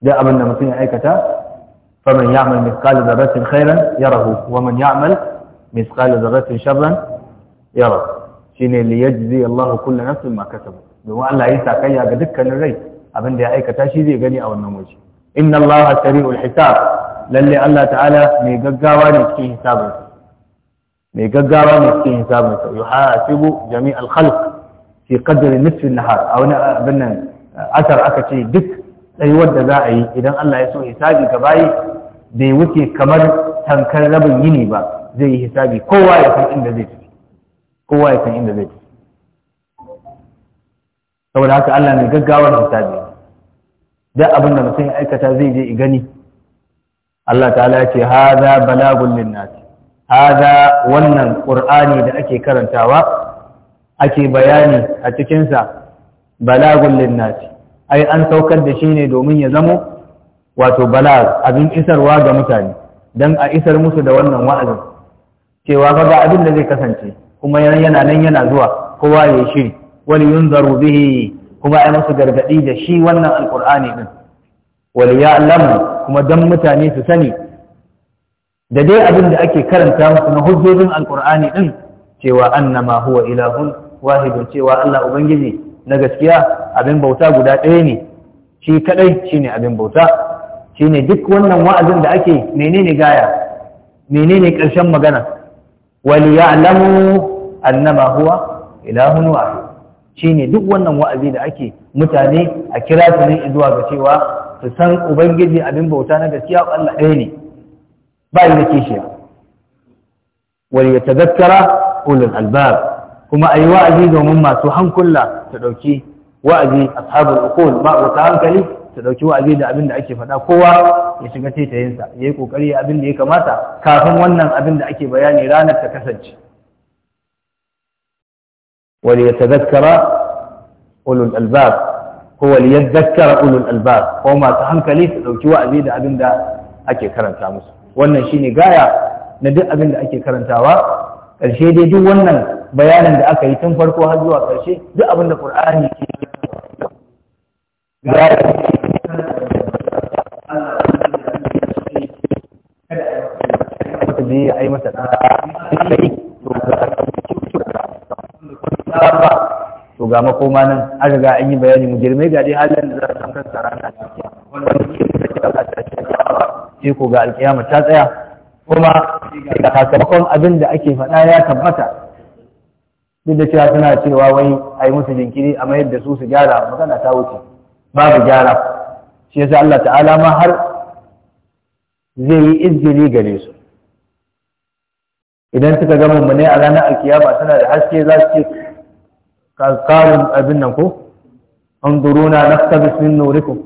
da abin da mutum ya aikata فمن يعمل مثقال ذرة خيرا يره ومن يعمل مثقال ذرة شرا يره شيني اللي يجزي الله كل نفس ما كسبه دواء الله يسا كيها قدكا للري أبن دي عيكة تاشيدي قلي أو النموج إن الله سريع الحساب للي الله تعالى ميققاوا نفسي حسابا ميققاوا نفسي حسابا يحاسب جميع الخلق في قدر نصف النهار أو بنا أثر أكتشي دك لا يود ذاعي إذا الله يسوي حسابي كباي bai wuce kamar tankar rabin yini ba zai yi hisabi kowa ya san inda zai tafi kowa ya san inda zai tafi saboda haka Allah mai gaggawar hisabi da abin da mutum ya aikata zai je gani Allah ta'ala ya ce haza balagun linnas haza wannan qur'ani da ake karantawa ake bayani a cikinsa balagun linnati ai an saukar da shi ne domin ya zamo wato bala abin isarwa ga mutane don a isar musu da wannan wa'azin cewa ga abin da zai kasance kuma yana nan yana zuwa kowa ya shi, wani yunzaru bihi kuma ai musu gargaɗi da shi wannan alkur'ani din ya ya'lamu kuma dan mutane su sani da dai abin da ake karanta musu na hujjojin alkur'ani din cewa annama huwa ilahun wahidun cewa Allah ubangiji na gaskiya abin bauta guda ɗaya ne shi kaɗai shine abin bauta shine duk wannan wa'azin da ake menene gaya menene ƙarshen magana wali ya'lamu annama huwa ilahun wahid shine duk wannan wa'azi da ake mutane a kira su ne zuwa ga cewa su san ubangiji abin bauta na gaskiya Allah ɗaya ne ba yi da kishiya wali yatadhakkara ulul albab kuma ayi wa'azi domin masu hankula su dauki wa'azi ashabul uqul ba ta hankali ta ɗauki wa da abin da ake faɗa kowa ya shiga titayensa. ya yi ƙoƙari abin da ya kamata kafin wannan abin da ake bayani ranar ta kasance wani ya tazakkara ulul albab ko wani ya zakkara ulul albab ko masu hankali su ɗauki wa da abin da ake karanta musu wannan shi ne gaya na duk abin da ake karantawa ƙarshe dai duk wannan bayanin da aka yi tun farko har zuwa ƙarshe duk abin da ƙur'ani ke gaya ya ai masa ɗaya to ga to ga makoma nan an riga an yi bayani mu girme ga dai halin da za ta kansa rana wanda ke da ke da ta sai ga alƙiyama ta tsaya kuma ga sakamakon abin da ake faɗa ya tabbata duk da cewa suna cewa wai a yi musu jinkiri a mayar da su su gyara magana ta wuce babu gyara shi yasa Allah ta'ala ma har zai yi izini gare su idan suka ga mummune a ranar alkiyama suna da haske za su ce karin abin nan ko an na naqtabis min nurikum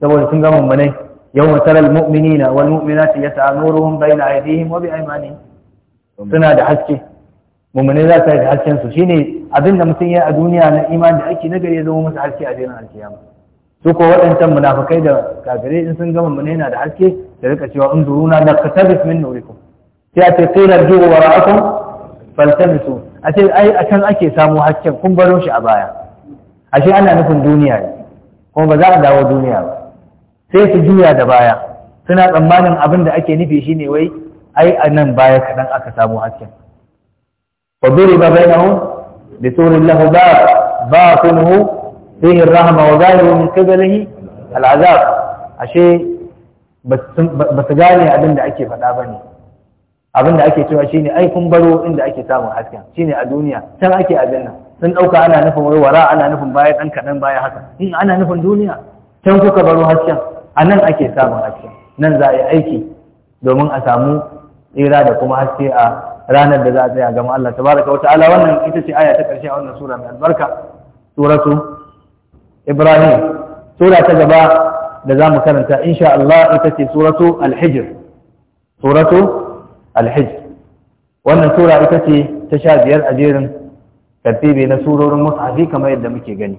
saboda sun ga mummune yawma taral mu'minina wal mu'minati yas'a nuruhum bayna aydihim wa bi aymanihim suna da haske mummune za su yi da hasken su shine abin da mutum ya a duniya na Iman da ake nagari ya zama musu haske a dinin alkiyama su ko waɗancan munafukai da kafirai in sun ga mummune na da haske da rika cewa in duruna naqtabis min nurikum sai a ce qilar wa wara'akum faltamisu a ce ai a can ake samu hasken kun baro shi a baya ashe ana nufin duniya ne kuma ba za a dawo duniya ba sai su juya da baya suna tsammanin abin da ake nufi ne wai ai a nan baya kaɗan aka samu hasken wa ba bai bainahum bi turin lahu bab batinuhu fihi rahma wa zahiru min qiblihi al'azab ashe ba su gane abin da ake faɗa ba ne abin da ake cewa shine ai kun baro inda ake samun hasken shine a duniya can ake aljanna sun dauka ana nufin wai wara ana nufin baya dan kadan baya haka in ana nufin duniya can kuka baro hasken a nan ake samun hasken nan za a yi aiki domin a samu tsira da kuma haske a ranar da za a tsaya gama Allah tabaraka wa ta'ala wannan ita ce aya ta karshe a wannan sura mai albarka suratu Ibrahim sura ta gaba da za mu karanta insha Allah ita ce suratu Al-Hijr suratu alhijj wannan sura ita ce ta sha biyar a jerin tartibi na surorin mus'afi kamar yadda muke gani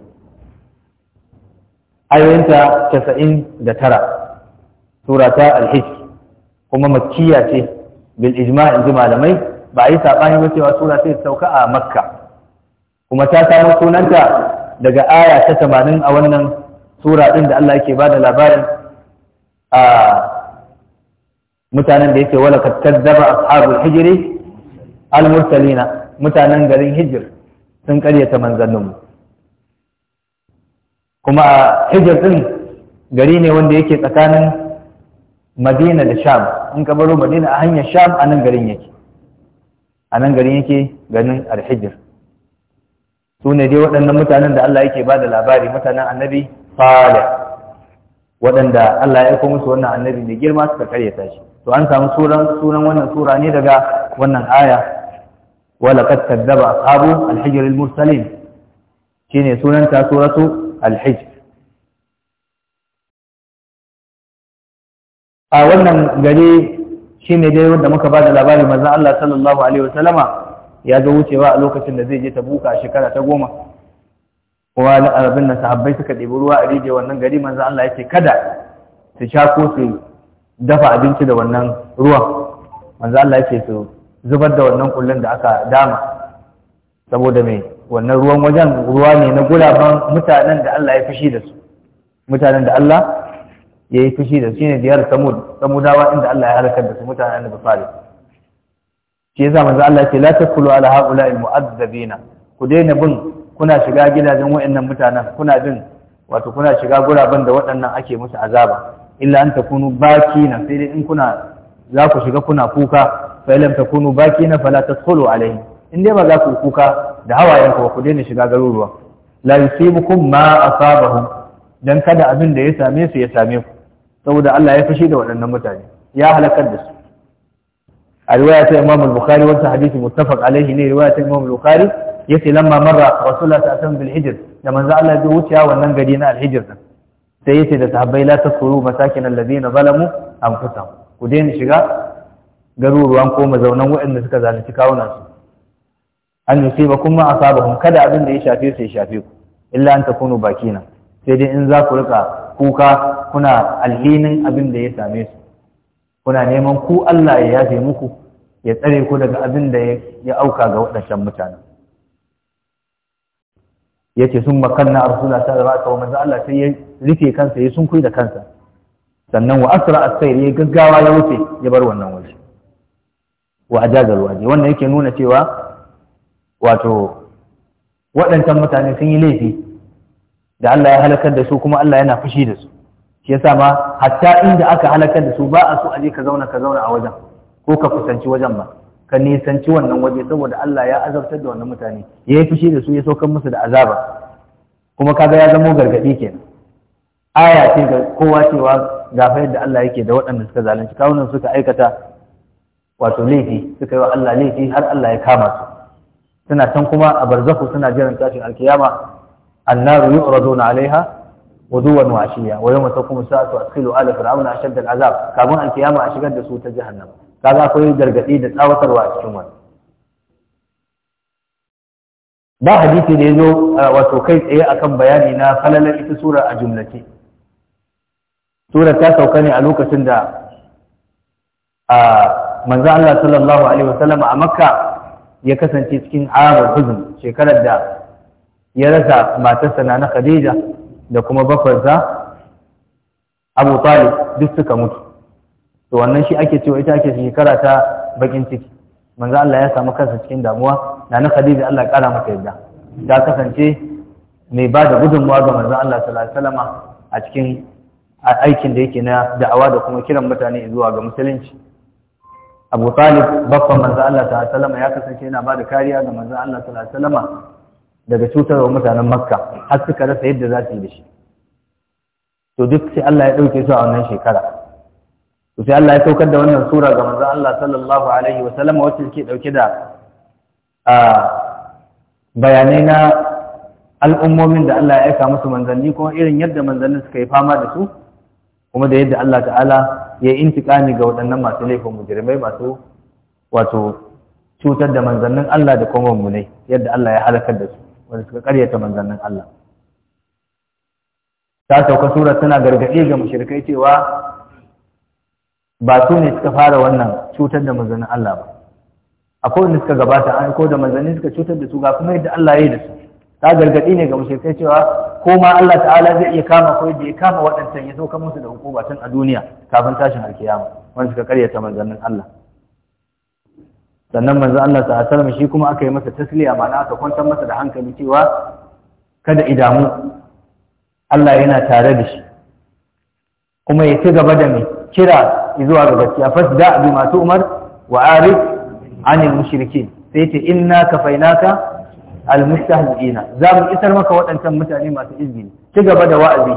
ayoyinta casa'in da tara sura ta alhijj kuma makkiya ce bil ijma in malamai ba a yi saɓani ba cewa sura ta sauka a makka kuma ta samu sunanta daga aya ta tamanin a wannan sura ɗin da Allah yake ba da labarin a mutanen da yake wala kazzaba ashabul hijri al mursalina mutanen garin hijir sun karyata mu. kuma a hijir din gari ne wanda yake tsakanin madina da sham in ka baro madina a hanyar sham a nan garin yake a nan garin yake ganin alhijir su ne dai waɗannan mutanen da Allah yake ba da labari mutanen annabi fada waɗanda Allah ya aiko musu wannan annabi mai girma suka karyata shi to an samu sunan sunan wannan sura ne daga wannan aya wala qad kadzaba ashabu al-hijr al-mursalin shine sunan ta suratu al-hijr a wannan gari shine dai wanda muka ba da labari manzon Allah sallallahu alaihi wasallama ya zo wucewa a lokacin da zai je Tabuka a shekara ta goma kuma arabin da sahabbai suka ɗebi ruwa a rijiya wannan gari manzon Allah yake kada su sha ko su dafa abinci da wannan ruwan manzo Allah yake so zubar da wannan kullun da aka dama saboda me wannan ruwan wajen ruwa ne na gulaban mutanen da Allah ya fushi da su mutanen da Allah ya yi fushi da su shine diyar samud samudawa inda Allah ya halakar da su mutanen da fare shi yasa manzo Allah yake la takulu ala haula'il mu'azzabina ku daina bin kuna shiga gidajen wa'annan mutanen kuna bin wato kuna shiga guraben da waɗannan ake musu azaba illa an takunu bakina sai dai in kuna za ku shiga kuna kuka fa illam takunu bakina fala tadkhulu alayhi in dai ba za ku kuka da hawayen ku ku daina shiga garuruwa la yusibukum ma asabahum dan kada abin da ya same su ya same ku saboda Allah ya fushi da waɗannan mutane ya halakar da su a riwaya ta Imam al-Bukhari wata hadisi muttafaq alaihi ne riwaya ta Imam al-Bukhari yace lamma marra rasulullah sallallahu bil hijr da manzo Allah ya wuce wannan gari na al-hijr sai yace da sahabbai la tasuru masakin allazina zalamu anfusahum ku daina shiga garuruwan ko mazaunan waɗanda suka zalunci kawuna su an ba kuma asabahum kada abin da ya shafe su ya shafe ku illa an takunu bakina sai dai in za ku rika kuka kuna alhinin abin da ya same su kuna neman ku Allah ya yafe muku ya tsare ku daga abin da ya auka ga waɗancan mutanen Ya ce sun makanna rasulullah sallallahu alaihi wasallam manzo Allah sai ya rike kansa ya sunkuyi da kansa sannan wa asra as-sayr ya gaggawa ya wuce ya bar wannan waje wa ajaza waje wannan yake nuna cewa wato waɗancan mutane sun yi laifi da Allah ya halakar da su kuma Allah yana fushi da su shi yasa ma hatta inda aka halakar da su ba a so a je ka zauna ka zauna a wajen ko ka kusanci wajen ba ka nisanci wannan waje saboda Allah ya azabtar da wannan mutane ya yi fushi da su ya saukan musu da azaba kuma kaga ya zamo gargaɗi kenan aya ce ga kowa cewa ga da Allah yake da waɗanda suka zalunci kawunan suka aikata wato laifi suka yi wa Allah laifi har Allah ya kama su suna can kuma a barzaku suna jiran tashin alkiyama annaru yu'raduna alaiha wuduwan washiya wa yawma taqumu sa'atu adkhilu ala fir'auna ashadda al'azab kamun alkiyama a shigar da su ta jahannama kaga akwai gargaɗi da tsawatarwa a cikin wani? ba hadisi da ya zo wato kai tsaye akan bayani na falalar ita sura a jumlace sura ta sauka ne a lokacin da a manzan Allah sallallahu alaihi wasallam a makka ya kasance cikin arar huzun shekarar da ya rasa matarsa na Khadija da kuma bafarsa Abu Talib duk suka mutu to wannan shi ake cewa ita ake shekara ta bakin ciki manzo Allah ya samu kansa cikin damuwa na na Khadija Allah ya kara mata yadda ta kasance mai ba da gudunmuwa ga manzo Allah sallallahu alaihi wasallam a cikin aikin da yake na da'awa da kuma kiran mutane zuwa ga musulunci Abu Talib babban manzo Allah sallallahu alaihi wasallam ya kasance yana ba da kariya ga manzo Allah sallallahu alaihi wasallam daga cutarwa mutanen Makka har suka rasa yadda za su yi da shi to duk sai Allah ya dauke su a wannan shekara to sai Allah ya saukar da wannan sura ga manzon Allah sallallahu alaihi wa wacce ke dauke da bayanai na al'ummomin da Allah ya aika musu manzanni kuma irin yadda manzannin suka yi fama da su kuma da yadda Allah ta'ala ya yi intiƙami ga waɗannan masu laifin mujirmai masu wato cutar da manzannin Allah da kuma mummunai yadda Allah ya halakar da su wanda suka karyata manzannin Allah ta sauka sura tana gargaɗi ga mushrikai cewa ba su ne suka fara wannan cutar da manzannin Allah ba akwai wanda suka gabata an ko da mazanin suka cutar da su ga kuma yadda Allah ya yi da su ta gargaɗi ne ga mushrikai cewa ko ma Allah ta'ala zai iya kama ko yadda ya kama waɗancan ya sauka musu da hukuma tun a duniya kafin tashin alkiyama wanda suka karyata manzannin Allah sannan manzo Allah ta sallama shi kuma aka yi masa tasliya ma'ana aka kwantar masa da hankali cewa kada idamu Allah yana tare da shi kuma ya ci gaba da mai kira zuwa ga gaskiya fasda bi masu umar wa arif anil mushrikin sai ce inna kafainaka al mustahzi'ina za mu isar maka waɗancan mutane masu izini ci gaba da wa'azi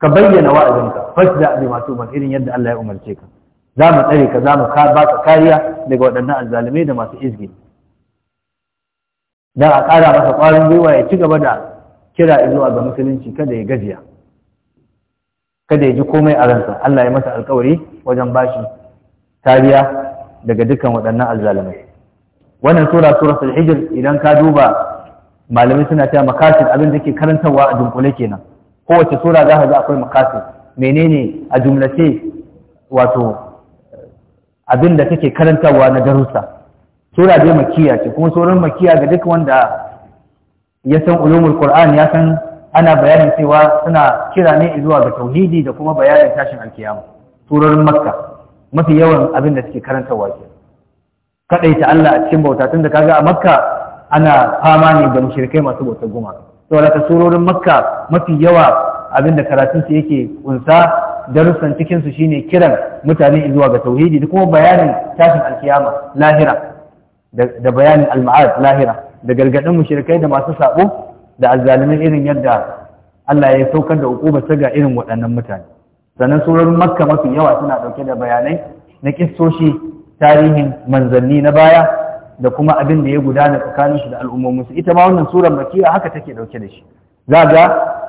ka bayyana wa'azinka fasda bi masu umar irin yadda Allah ya umarce ka za mu tsare ka za mu baka kariya daga waɗannan azzalumai da masu izini dan a ƙara masa ƙwarin gwiwa ya ci gaba da kira zuwa ga musulunci kada ya gajiya kada ya ji komai a ransa Allah ya masa alkawari wajen bashi tariya daga dukkan waɗannan alzalamai wannan sura suratul hijr idan ka duba malamai suna cewa makasir abin da ke karantarwa a dunkule kenan kowace sura za ka ga akwai makasir menene a jumlace wato abin da take karantarwa na darussa sura dai makiya ce kuma surar makiya ga duk wanda ya san ulumul qur'an ya san ana bayanin cewa suna kira ne zuwa ga tauhidi da kuma bayanin tashin alkiyama turorin makka mafi yawan abin da suke karanta wake kadaita Allah a cikin bauta tunda kaga a makka ana fama ne da mushrikai masu bauta guma. saboda ka surorin makka mafi yawa abin da karatun su yake kunsa darussan cikin su shine kiran mutane zuwa ga tauhidi da kuma bayanin tashin alkiyama lahira da bayanin al-ma'ad lahira da gargadin mushrikai da masu sabo da azalimin irin yadda Allah ya saukar da hukuma ta ga irin waɗannan mutane sannan surorin makka mafi yawa suna ɗauke da bayanai na kissoshi tarihin manzanni na baya da kuma abin da ya gudana tsakaninsu da al'ummominsu ita ma wannan surar makiya haka take ɗauke da shi za ga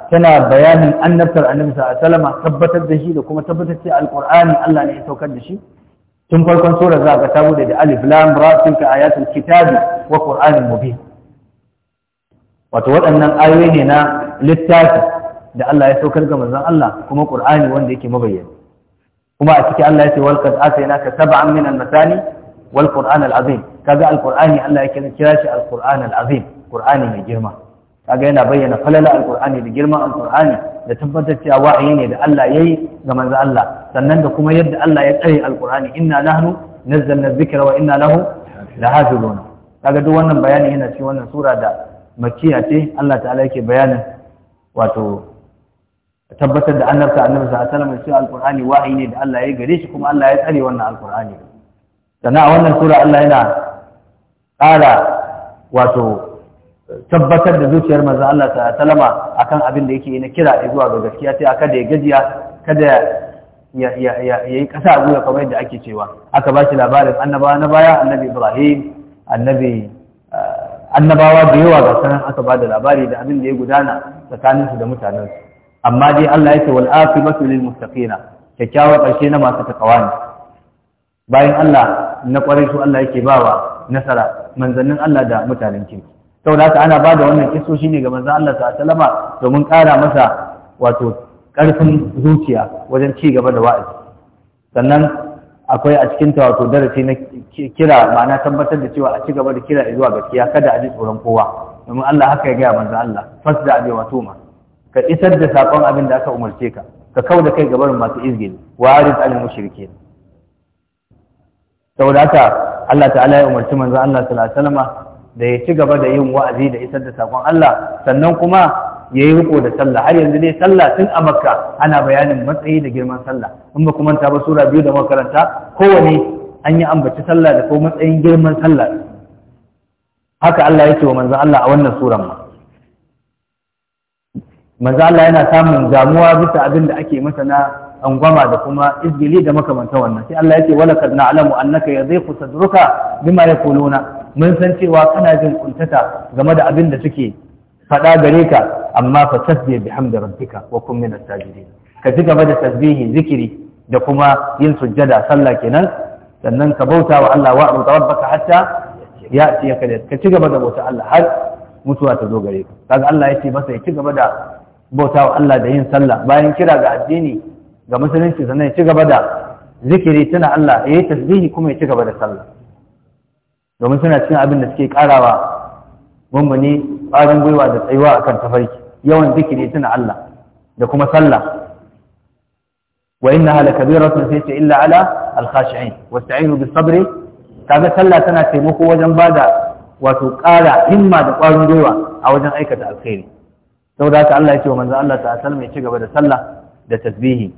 tana bayanin annabtar annabi sallallahu alaihi tabbatar da shi da kuma tabbatar da alqur'ani Allah ne ya saukar da shi tun farkon surar zaga ta bude da alif lam ra tilka ayatul kitabi wa qur'anin mubin wato waɗannan ayoyi ne na littafi da Allah ya saukar ga manzon Allah kuma Qur'ani wanda yake mabayyana kuma a ciki Allah ya ce wal qad atainaka sab'an min al-masani wal qur'an al-azim kaga al-qur'ani Allah yake kira shi al-qur'an al-azim qur'ani mai girma kaga yana bayyana falala al-qur'ani da girma al-qur'ani da tabbatar cewa wa'ayi ne da Allah yayi ga manzon Allah sannan da kuma yadda Allah ya tsare al-qur'ani inna nahnu nazzalna dhikra wa inna lahu lahafizun kaga duk wannan bayani yana cikin wannan sura da makiya ce Allah ta'ala yake bayanin wato tabbatar da annabta annabi sallallahu alaihi wasallam cewa wahayi ne da Allah ya gare shi kuma Allah ya tsare wannan alqur'ani sannan a wannan sura Allah yana ƙara wato tabbatar da zuciyar manzon Allah sallallahu Salama akan abin da yake na kira zuwa ga gaskiya sai a kada ya gajiya kada ya yi ƙasa a gwiwa kamar yadda ake cewa aka ba shi labarin annabawa na baya annabi ibrahim annabi ah, annabawa da yawa ga sanan aka ba da labari da abin da ya gudana tsakaninsu da mutanensu amma dai Allah yake wal aqibatu lil muttaqina kyakkyawar ƙarshe na masu takawa ne bayan Allah na ƙwarai su Allah yake bawa nasara manzannin Allah da mutanen kirki saboda haka ana da wannan kiso shine ga manzan Allah ta salama domin ƙara masa wato ƙarfin zuciya wajen ci gaba da wa'azi sannan akwai a cikin ta wato darasi na kira ma'ana tabbatar da cewa a ci gaba da kira zuwa gaskiya kada a ji tsoron kowa domin Allah haka ya gaya manzo Allah fasda bi watuma ka isar da sakon abin da aka umarce ka ka kau da kai gabarin masu izgil wa arid al mushrikin saboda haka Allah ta'ala ya umarci manzo Allah sallallahu alaihi da ya ci gaba da yin wa'azi da isar da sakon Allah sannan kuma ya yi riko da sallah har yanzu dai sallah tun a makka ana bayanin matsayi da girman sallah in ba kuma ba sura biyu da makaranta kowane an yi ambaci sallah da ko matsayin girman sallah haka Allah ya ce wa manzon Allah a wannan suran ma Manza Allah yana samun damuwa bisa abin da ake masa na angwama da kuma izgili da makamanta wannan sai Allah ya ce wala kad na'lamu annaka yadhiqu sadruka bima yaquluna mun san cewa kana jin kuntata game da abin da suke faɗa gare ka amma fa tasbih bihamdi rabbika wa kun min as-sajidin ka ci gaba da tasbihi zikiri da kuma yin sujjada sallah kenan sannan ka bauta wa Allah wa abuta rabbaka hatta ya ci ka ci gaba da bauta Allah har mutuwa ta zo gare ka kaga Allah ya ce masa ya ci gaba da bauta wa Allah da yin sallah bayan kira ga addini ga musulunci sannan ya ci gaba da zikiri tana Allah ya yi tasbihi kuma ya ci gaba da sallah domin suna cin abin da suke karawa mummuni ƙwarin gwiwa da tsayuwa akan tafarki yawan zikiri tuna Allah da kuma sallah wa innaha lakabiratun sai ce illa ala alkhashi'in wasta'inu bis sabri kaga sallah tana taimako wajen bada wato ƙara himma da ƙwarin gwiwa a wajen aikata alkhairi saboda haka Allah ya ce wa manzon Allah ta asal ya ci gaba da sallah da tasbihi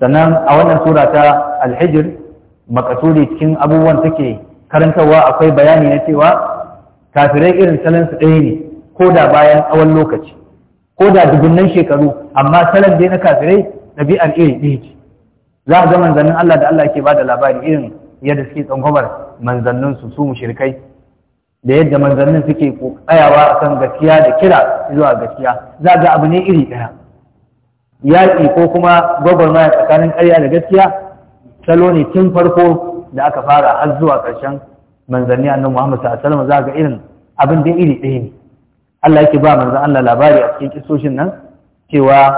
sannan a wannan sura ta alhijr makasudi cikin abubuwan take karantarwa akwai bayani na cewa kafirai irin salon su ɗaya ne ko da bayan tsawon lokaci ko da dubunnan shekaru amma salon dai na kafirai ɗabi'ar iri ɗaya ce za a ga manzannin Allah da Allah ke ba da labari irin yadda suke tsangwamar manzannin su su mushrikai da yadda manzannin suke tsayawa akan gaskiya da kira zuwa gaskiya za a ga abu ne iri ɗaya yaƙi ko kuma gwagwarmaya tsakanin ƙarya da gaskiya salo ne tun farko da aka fara har zuwa ƙarshen manzanni annan Muhammad sallallahu alaihi wasallam za ga irin abin da iri ɗaya ne Allah yake ba manzan Allah labari a cikin kisoshin nan cewa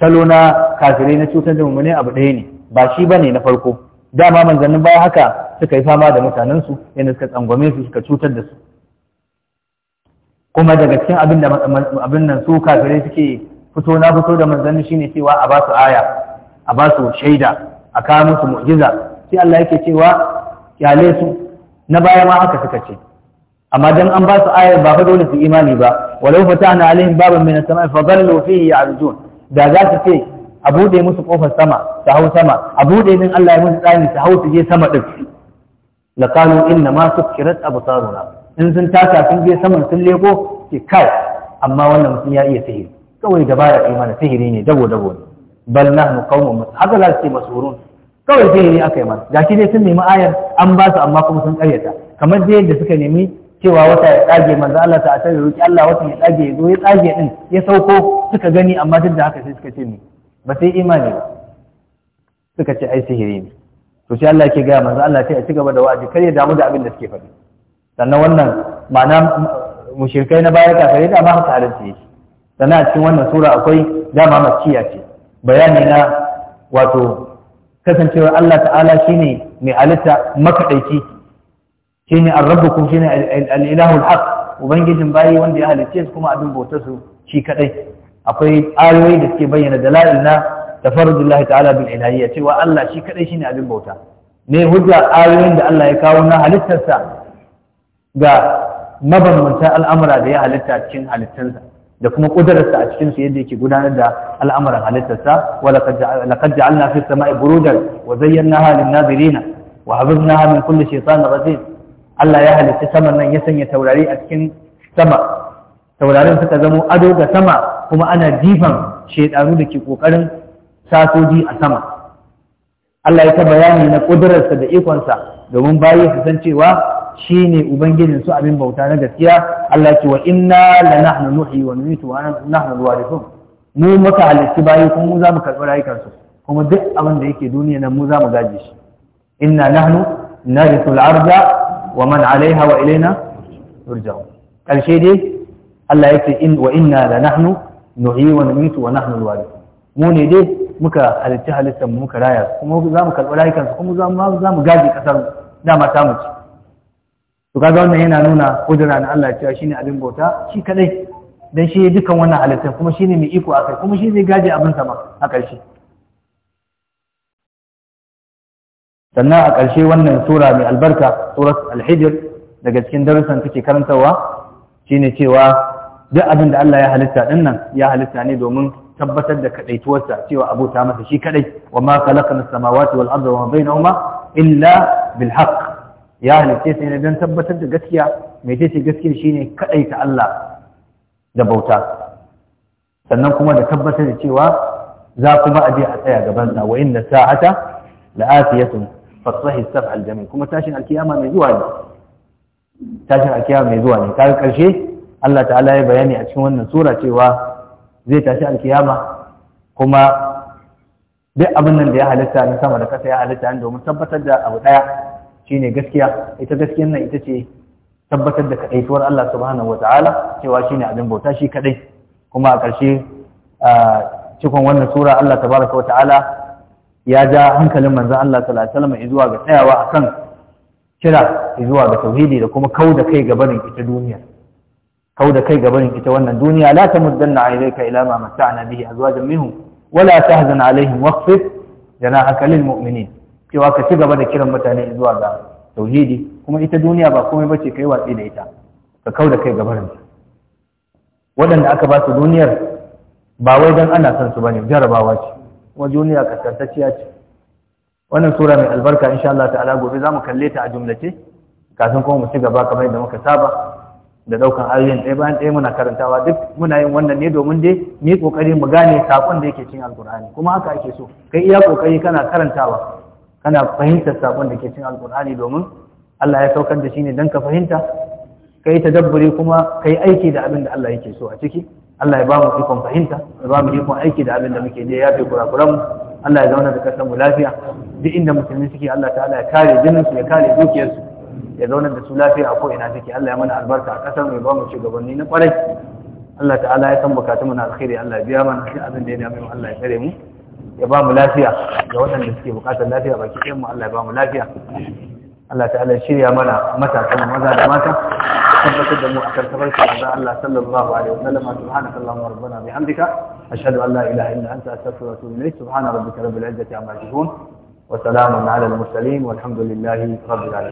salo na kafirai na cutar da mummune abu ɗaya ne ba shi ba ne na farko dama manzannin baya haka suka yi fama da mutanensu yadda suka tsangwame su suka cutar da su kuma daga cikin abin da abin nan su kafirai suke fito na fito da manzanni shine cewa a basu aya a ba shaida a kawo musu mu'jiza sai Allah yake cewa kyale su na baya ma haka suka ce amma dan an ba su ayar ba fa dole su imani ba walau fatahna alaihim baban min as-sama'i fa dhallu fihi ya'rujun da za su ce a bude musu kofar sama ta hau sama a bude min Allah ya musu tsani su hau su je sama din laqalu inna ma sukkirat absaruna in sun taka sun je saman sun leko ke kai amma wannan mutum ya iya sihiri kawai dabara kai mana sihiri ne dabo dabo ne bal nahnu qaumun haka za su masurun kawai sai ne aka yi ma shi ne sun nemi ayar an ba su amma kuma sun karyata kamar dai yadda suka nemi cewa wata ya tsage manzo Allah ta ta roki Allah wata ya tsage ya zo ya tsage din ya sauko suka gani amma duk da haka sai suka ce ni ba sai imani ba suka ce ai sihiri ne to sai Allah yake ga manzo Allah sai a ci gaba da wa'azi kar ya damu da abin da suke faɗi sannan wannan ma'ana mushrikai na baya kafirai da ba haka halarci yake sannan a cikin wannan sura akwai dama ciya ce bayani na wato kasancewar Allah ta'ala shine mai halitta makaɗaici shine ar-rabbukum shine al-ilahu al-haq ubangijin bayi wanda ya halicce su kuma abin bautar su shi kadai akwai ayoyi da suke bayyana dalail na tafarrudullah ta'ala bil ilahiyya cewa Allah shi kadai shine abin bauta ne hujja ayoyin da Allah ya kawo na halittarsa ga mabambanta al'amura da ya halitta cikin halittarsa da kuma kudararsa a cikinsu yadda yake gudanar da al'amuran halittarsa wa laqad ja'alna fis sama'i burujan wa zayyanaha lin nazirin wa habibnaha min kulli shaytanir rajim Allah ya halitta saman nan ya sanya taurari a cikin sama taurarin suka zamo ado ga sama kuma ana jifan shaidaru da ke kokarin sasoji a sama Allah ya ta bayani na kudararsa da ikonsa domin bayi su san cewa Shi ne ubangijin su abin bauta na gaskiya Allah ce wa inna la nahnu nuhyi wa numitu wa nahnu alwarithun mu muka halitti bayi kuma mu za mu karɓi rayukansu kuma duk abin da yake duniya nan mu za mu gaje shi inna nahnu narithu al-arda wa man 'alayha wa ilayna yurja'un karshe dai Allah yake in wa inna la nahnu nuhyi wa numitu wa nahnu alwarithun mu ne dai muka halitta halittar mu muka raya kuma za mu karɓi rayukansu kuma za mu gaji kasar dama ta mu ci to kaga wannan yana nuna kudura na Allah cewa shine abin bauta shi kadai dan shi dukan wannan halitta kuma shine mai iko akai kuma shi zai gaje abin sa ma a karshe. sannan a karshe wannan sura mai albarka surat al-hijr daga cikin darussan take karantawa shine cewa duk abin da Allah ya halitta dinnan ya halitta ne domin tabbatar da kadaituwarsa cewa abota masa shi kadai wa ma khalaqna as-samawati wal arda wa ma bainahuma illa bil haqq ya halitta sai ne don tabbatar da gaskiya mai tace gaskiya shine ta Allah da bauta sannan kuma da tabbatar da cewa za kuma a je a tsaya gaban sa wa inna sa'ata la'atiyatun fasahi sab'al jami kuma tashin alkiyama mai zuwa ne tashin alkiyama mai zuwa ne kaga karshe Allah ta'ala ya bayani a cikin wannan sura cewa zai tashi alkiyama kuma duk abin nan da ya halitta na sama da kasa ya halitta domin tabbatar da abu daya ne gaskiya ita gaskiyar nan ita ce tabbatar da kaɗaituwar Allah subhanahu ta'ala cewa ne abin bauta shi kaɗai. kuma a ƙarshe cikon wannan sura Allah tabaraka ta'ala) ya ja hankalin manzon Allah sallallahu alaihi wasallam zuwa ga tsayawa akan kira zuwa ga tauhidi da kuma kauda kai gabanin ita duniya kauda kai gabanin ita wannan duniya la tamuddanna alayka ila ma mata'na bihi azwajan minhum wala tahzan alaihim waqfit janahaka lil mu'minin cewa ka ci gaba da kiran mutane zuwa ga tauhidi kuma ita duniya ba komai bace kai watsi da ita ka kau da kai gabarin waɗanda aka ba su duniyar ba wai don ana son su bane jarabawa ce kuma duniya kaskantacciya ce wannan sura mai albarka insha Allah ta'ala gobe zamu kalle ta a jumlace kafin kuma mu ci gaba kamar yadda muka saba da daukan ayoyin ɗaya bayan ɗaya muna karantawa duk muna yin wannan ne domin dai ni kokari mu gane sakon da yake cikin alkur'ani kuma haka ake so kai iya kokari kana karantawa kana fahimtar sabon da ke cin alkur'ani domin Allah ya saukar da shi ne don ka fahimta ka yi tadabburi kuma ka yi aiki da abin da Allah yake so a ciki Allah ya ba mu ikon fahimta ya ba mu ikon aiki da abin da muke je ya fi kurakuran mu Allah ya zauna da kasar mu lafiya duk inda musulmi suke Allah ta'ala ya kare jinin su ya kare dukiyarsu ya zauna da su lafiya a ko ina suke Allah ya mana albarka a kasar mu ya ba mu shugabanni na kwarai Allah ta'ala ya san bukatun mu na alkhairi Allah ya biya mana abin da ya dame mu Allah ya kare mu ya ba mu lafiya da waɗanda suke buƙatar lafiya baki ɗayan mu Allah ya ba mu lafiya Allah ta'ala shirya mana matasan maza da mata tabbatar da mu a karkabar su da Allah sallallahu alaihi wasallam subhanaka allahumma rabbana bihamdika ashhadu an la ilaha illa anta astaghfiruka wa atubu ilayk subhana rabbika rabbil izzati amma yasifun wa salamun ala al mursalin walhamdulillahi rabbil alamin